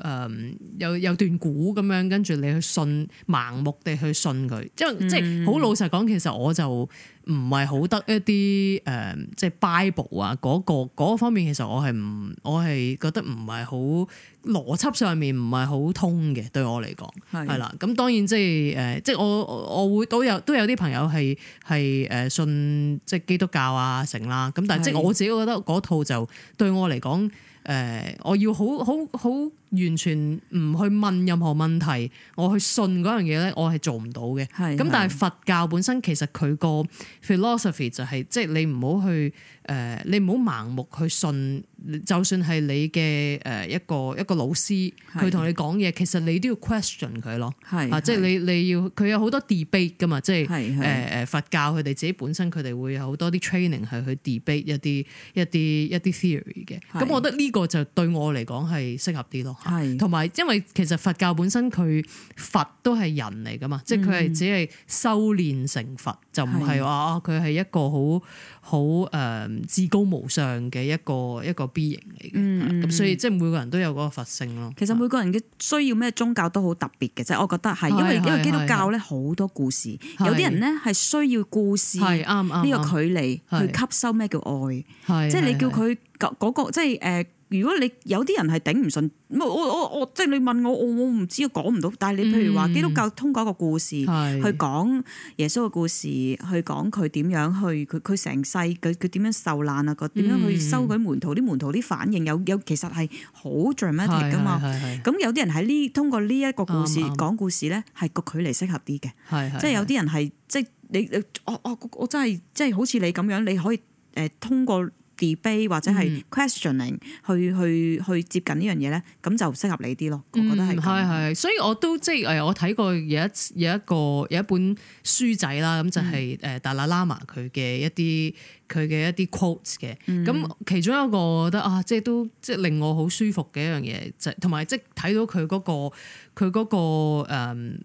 呃，有有段古咁樣，跟住你去信盲目地去信佢，即係、嗯、即係好老實講，其實我就唔係好得一啲誒、呃，即係 Bible 啊嗰、嗰個嗰、嗰、方面，其實我係唔我係覺得唔係好邏輯上面唔係好通嘅，對我嚟講係啦。咁是的 當然即係誒、呃，即係我我，我會都有都有啲朋友係係誒信。即基督教啊，成啦咁，但係即我自己覺得嗰套就是的 對我嚟講，誒，我要好好好。完全唔去問任何問題，我去信嗰樣嘢咧，我係做唔到嘅。係。咁但係佛教本身其實佢個 philosophy 就係即係你唔好去誒，你唔好盲目去信。就算係你嘅誒一個一個老師，佢同你講嘢，其實你都要 question 佢咯。係係即係你你要佢有好多 debate 㗎嘛，即係誒誒佛教佢哋自己本身佢哋會有好多啲 training 係去 debate 一啲一啲一啲 theory 嘅。係。咁我覺得呢個就對我嚟講係適合啲咯。係，同埋因為其實佛教本身佢佛都係人嚟噶嘛，即係佢係只係修煉成佛，是就唔係話佢係一個好好誒至高無上嘅一個一個 being 嚟嘅，咁所以即係每個人都有嗰個佛性咯。其實每個人嘅需要咩宗教都好特別嘅，即係我覺得係因為，因為基督教咧好多故事，的有啲人咧係需要故事，係啱啱呢個距離去吸收咩叫愛，即係對的你叫佢嗰嗰個、嗰個嗰個，即係誒。呃如果你有啲人係頂唔順，我我我我即係你問我，我我唔知，講唔到。但係你譬如話基督教，通過個故事，去講耶穌嘅故事，去講佢點樣去佢佢成世佢佢點樣受難啊？點樣去收佢門徒？啲門徒啲反應有有其實係好 dramatic 噶嘛。咁有啲人喺呢通過呢一個故事講故事咧，係個距離適合啲嘅。即係有啲人係即係你我我我真係即係好似你咁樣，你可以誒通過。debate 或者係 questioning、嗯、去去去接近呢樣嘢咧，咁就適合你啲咯。我覺得係係係，所以我都即係、誒、我睇過有一有一個有一本書仔啦，咁就係誒達賴喇嘛佢嘅一啲佢嘅一啲 quotes 嘅。咁其中一個我覺得啊，即係都即係令我好舒服嘅一樣嘢，就係同埋即係睇到佢嗰、嗰個佢嗰、嗰個誒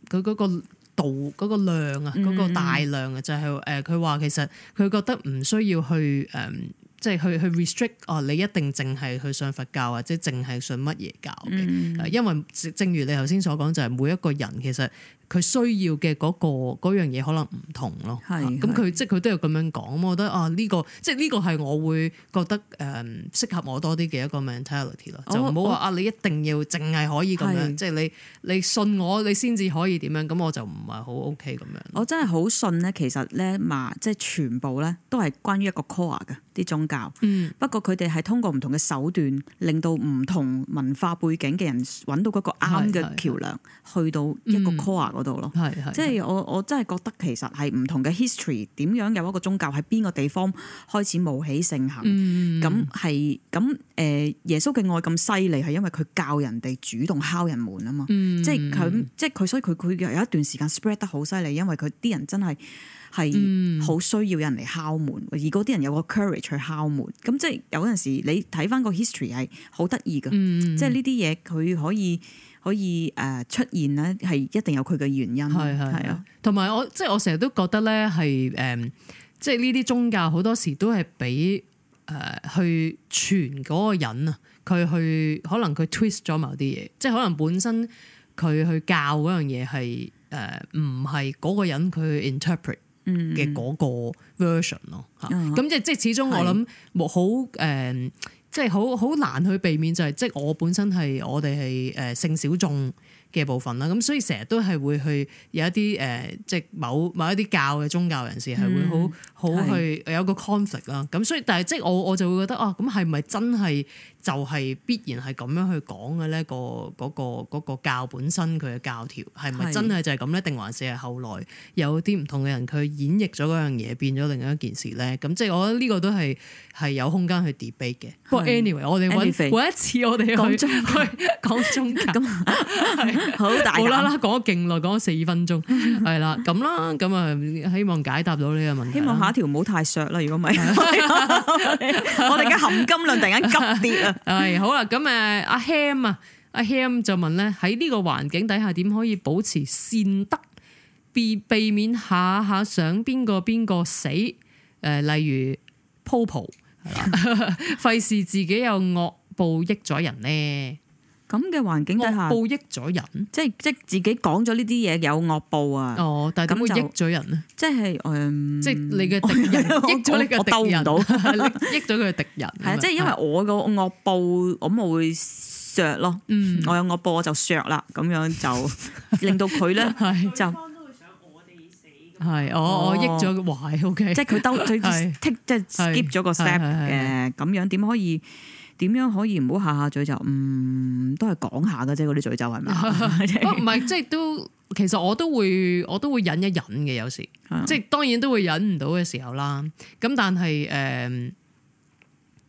佢嗰個度、嗰個、量啊，嗰、嗰個大量啊，嗯、就係誒佢話其實佢覺得唔需要去誒。嗯即係去去 restrict 哦，你一定淨係去信佛教或者係淨係信乜嘢教嘅，嗯、因為正如你頭先所講，就係、是、每一個人其實。佢需要嘅嗰、嗰個嗰樣嘢可能唔同咯，咁佢是是 即佢都有咁樣講，我覺得啊呢、呢個即係呢個係我會覺得誒、嗯、適合我多啲嘅一個 mentality 咯，哦、就唔好話啊你一定要淨係可以咁樣，是即係你你信我你先至可以點樣，咁我就唔係好 OK 咁樣。我真係好信咧，其實咧嘛，即係全部咧都係關於一個 core 嘅啲宗教，嗯、不過佢哋係通過唔同嘅手段，令到唔同文化背景嘅人揾到嗰個啱嘅橋梁，去到一個 core、嗯。度咯，即係我我真係覺得其實係唔同嘅 history，點樣有一個宗教喺邊個地方開始冒起盛行，咁係咁誒，耶穌嘅愛咁犀利，係因為佢教人哋主動敲人門啊嘛，嗯、即係佢即係佢所以佢佢有有一段時間 spread 得好犀利，因為佢啲人真係。係好需要人嚟敲門，而嗰啲人有個 courage 去敲門。咁即係有陣時，你睇翻個 history 係好得意㗎。嗯、即係呢啲嘢佢可以可以誒出現咧，係一定有佢嘅原因。係係啊，同埋的的我即係、就是、我成日都覺得咧係誒，即係呢啲宗教好多時都係俾誒去傳嗰個人啊，佢去可能佢 twist 咗某啲嘢，即係可能本身佢去教嗰樣嘢係誒唔係嗰個人佢 interpret。嘅嗰個 version 囉吓、嗯，咁即即始終我諗冇好誒，即係好好難去避免就係、是，即、就、係、是、我本身係我哋係誒性小眾嘅部分啦，咁所以成日都係會去有一啲誒，即、呃、係、就是、某某一啲教嘅宗教人士係會好好、嗯、去有一個 conflict 啊，咁所以但係即係我我就會覺得哦，咁係咪真係？就係必然係咁樣去講嘅咧，個嗰個嗰個教本身佢嘅教條係咪真係就係咁咧？定還是係後來有啲唔同嘅人佢演繹咗嗰樣嘢，變咗另一件事咧？咁即係我覺得呢個都係係有空間去 debate 嘅。不過 anyway，我哋揾揾一次，我哋去講中去講中咁好，大家無啦啦講咗勁耐，講咗四分鐘，係啦，咁啦，咁啊，希望解答到呢個問題。希望下一條唔好太削啦，如果唔係，我哋嘅含金量突然間急跌啊！係 好啦，咁誒阿 Ham 啊，阿 Ham 就問咧，喺呢個環境底下點可以保持善德，避免下下想邊個邊個死？誒、呃、例如 Popo，費事自己又惡報益咗人咧。咁嘅環境底下，惡報益咗人，即係即係自己講咗呢啲嘢有惡報啊！哦，但係點會益咗人咧？即係誒，即係你嘅敵人益咗呢個敵人我兜唔到，益咗佢嘅敵人。係啊，即係因為我個惡報，我咪會削咯。我有惡報就削啦，咁樣就令到佢咧就雙方都會想我哋死。係哦，我益咗個壞，O K。即係佢兜，佢即係 skip 咗個 step 嘅，咁樣點可以？點樣可以唔好下下嘴咒？嗯，都係講下嘅啫，嗰啲嘴咒係咪？ 不唔係，即係都其實我都會，我都會忍一忍嘅。有時，即係當然都會忍唔到嘅時候啦。咁但係誒、呃，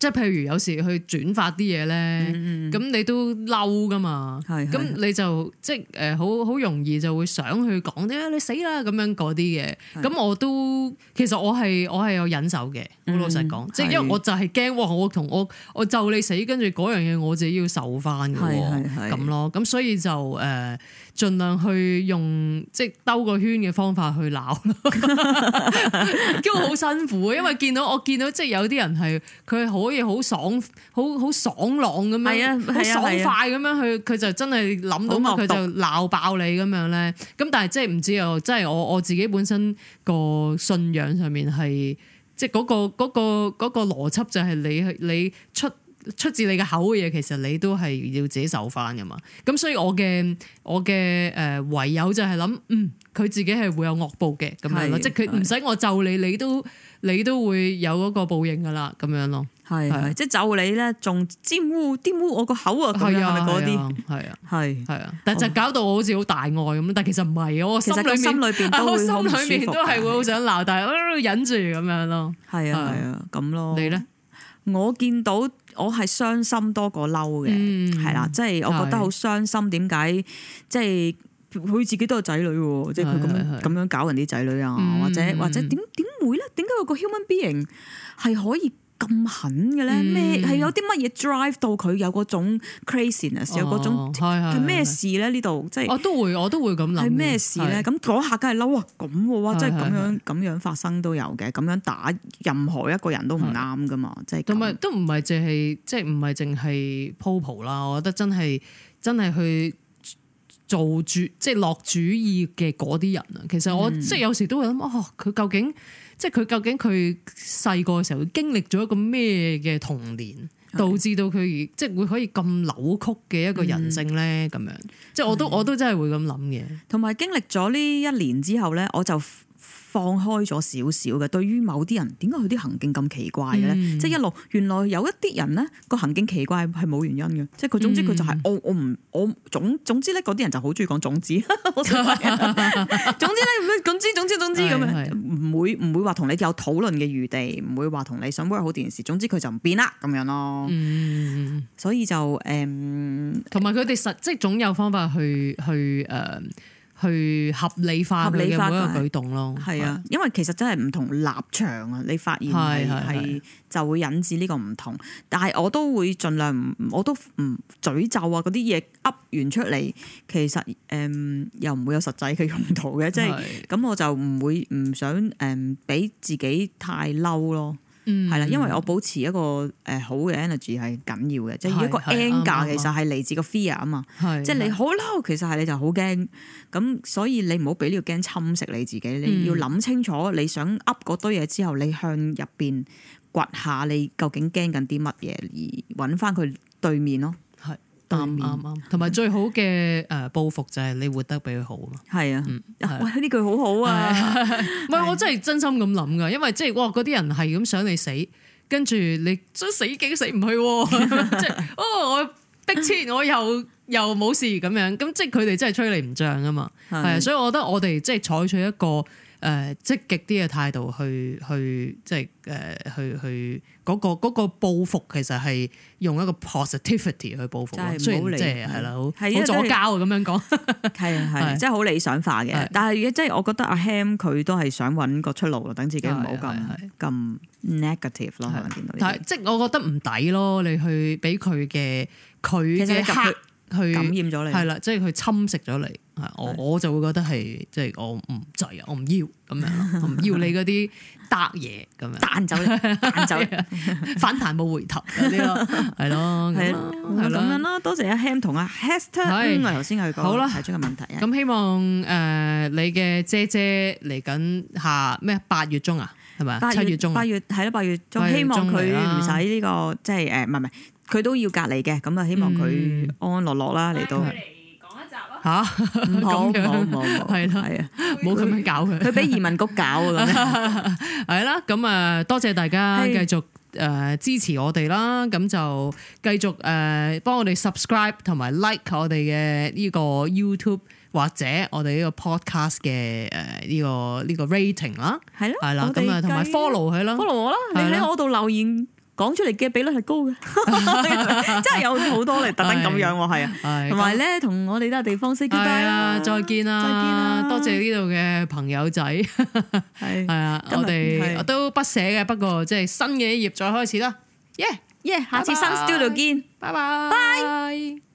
即係譬如有時去轉發啲嘢咧，咁、嗯嗯、你都嬲噶嘛？係的，咁你就的即係誒，好好容易就會想去講啫。你死啦咁樣嗰啲嘢，咁的的我都。其實我係我係有忍受嘅，好老實講，即係因為我就係驚，我同我我咒你死，跟住嗰樣嘢我自己要受翻咁咯，咁所以就誒盡量去用即係兜個圈嘅方法去鬧，咁好 辛苦，因為見到我見到即係有啲人係佢可以好爽，好好爽朗咁樣，好的爽快咁樣去，佢就真係諗到佢就鬧爆你咁樣咧，咁但係即係唔知又即係我我自己本身個。信仰上面係，即係嗰個嗰、嗰個、嗰個邏輯就係你你出出自你嘅口嘅嘢，其實你都係要自己受翻噶嘛。咁所以我嘅我嘅誒、呃、唯有就係諗，嗯，佢自己係會有惡報嘅咁樣咯，是的 即係佢唔使我咒你，你都你都會有嗰個報應噶啦，咁樣咯。係，即係、啊、就你咧，仲沾污、玷污我個口啊佢啊，嗰啲。係啊，係啊，係，係啊。但就搞到我好似好大愛咁，但其實唔係嘅。我心裏邊，我心裏面都係心會好想鬧，但係忍住咁樣咯。係啊，係啊，咁咯。你咧？我見到我係傷心多過嬲嘅，係啦、嗯，即係、啊就是、我覺得好傷心。點解？即係佢自己都有仔女，即係佢咁咁樣搞人啲仔女啊，或者或者點點會咧？點解有個 human being 係可以？就是咁狠嘅咧，咩係、嗯、有啲乜嘢 drive 到佢有嗰種 craziness、哦、有嗰種係咩事咧？呢度即係我都會，我都會咁諗係咩事咧？咁嗰是是下梗係嬲啊！咁哇，即係咁樣咁樣發生都有嘅，咁樣打任何一個人都唔啱噶嘛，即係同埋都唔係淨係即係唔係淨係 popular 啦。Po po, 我覺得真係真係去做主，即係落主意嘅嗰啲人啊。其實我、嗯、即係有時都會諗哦，佢究竟。即係佢究竟佢細個嘅時候，經歷咗一個咩嘅童年，導致到佢即係會可以咁扭曲嘅一個人性咧？咁樣，即係我都是的 我都真係會咁諗嘅。同埋經歷咗呢一年之後咧，我就。放開咗少少嘅，對於某啲人，點解佢啲行徑咁奇怪嘅咧？即係一路，原來有一啲人咧個行徑奇怪係冇原因嘅，即係佢總之佢就係我我唔我總總之咧嗰啲人就好中意講種子，總之咧總之總之總之咁樣，唔會唔會話同你有討論嘅餘地，唔會話同你想 work 好電視，總之佢就唔變啦咁樣咯。嗯，所以就誒，同埋佢哋實即係總有方法去去誒。去合理化嘅嗰個舉動咯，係啊，因為其實真係唔同立場啊，你發現係就會引致呢個唔同。是是是，但係我都會盡量唔，我都唔詛咒啊嗰啲嘢噏完出嚟，其實誒、嗯、又唔會有實際嘅用途嘅，即係咁我就唔會唔想誒俾、嗯、自己太嬲咯。嗯，係啦，因為我保持一個誒好嘅 energy 係緊要嘅，的即係一個 anger 其實係嚟自個 fear 啊嘛，即係你好嬲，其實係你就好驚，咁所以你唔好俾呢個驚侵蝕你自己，你要諗清楚你想噏嗰堆嘢之後，你向入邊掘下你究竟驚緊啲乜嘢，而揾翻佢對面咯。啱啱，同埋對、嗯嗯嗯、最好嘅誒報復就係你活得比佢好咯。係 啊，喂，呢句好好啊！唔係、嗯啊 啊、我真係真心咁諗噶，因為即係哇嗰啲人係咁想你死，跟住你將死幾死唔去，即係哦，我的天，我又又冇事咁樣，咁即係佢哋真係吹你唔脹啊嘛，係啊，所以我覺得我哋即係採取一個。誒積極啲嘅態度去去，即係誒去去嗰個嗰個報復，其實係用一個 positivity 去報復，真係唔好理，係啦，好阻交啊，咁樣講，係啊係，即係好理想化嘅。了但係即係我覺得阿 Ham 佢都係想揾個出路咯，等自己唔好咁咁 negative 咯，係咪見到？但係即係我覺得唔抵咯，你去俾佢嘅佢嘅感染咗你，係啦，即係佢侵蝕咗你，係我我就會覺得係，即係我唔制啊，我唔要咁樣，唔要你嗰啲搭嘢咁樣彈走你，彈走，反彈冇回頭呢個係咯，係咯，咁樣咯，多謝阿 Ham 同阿 Hester，係頭先佢講好啦提出個問題。咁希望誒你嘅姐姐嚟緊下咩八月中啊，係咪啊七月中八月係咯，八月中希望佢唔使呢個即係誒，唔係唔係。佢都要隔離嘅，咁啊，希望佢安安落落安安樂樂啦嚟到。嚟講一集咯。嚇！唔好，唔好，唔好，係啦，係啊，冇咁樣搞佢，佢俾移民局搞咁樣。係 啦， 咁啊，多謝大家繼續誒支持我哋啦，咁就是、嗯、繼續誒幫我哋 subscribe 同埋 like 我哋嘅呢個 YouTube 或者我哋呢個 podcast 嘅誒、這、呢個呢、呢個呢個 rating 啦。係咯。係啦，咁啊，同埋 follow 佢啦。follow 我啦，你喺我度留言。講出嚟嘅比率係高嘅，真係有好多嚟特登咁樣喎，係啊，同埋咧，同我哋呢個地方 say goodbye 啦，再見啦，多謝呢度嘅朋友仔，係係啊，我哋我都不捨嘅，不過即係新嘅一頁再開始啦，yeah yeah，下次新 studio 見，拜拜。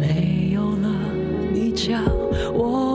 沒有了你叫我。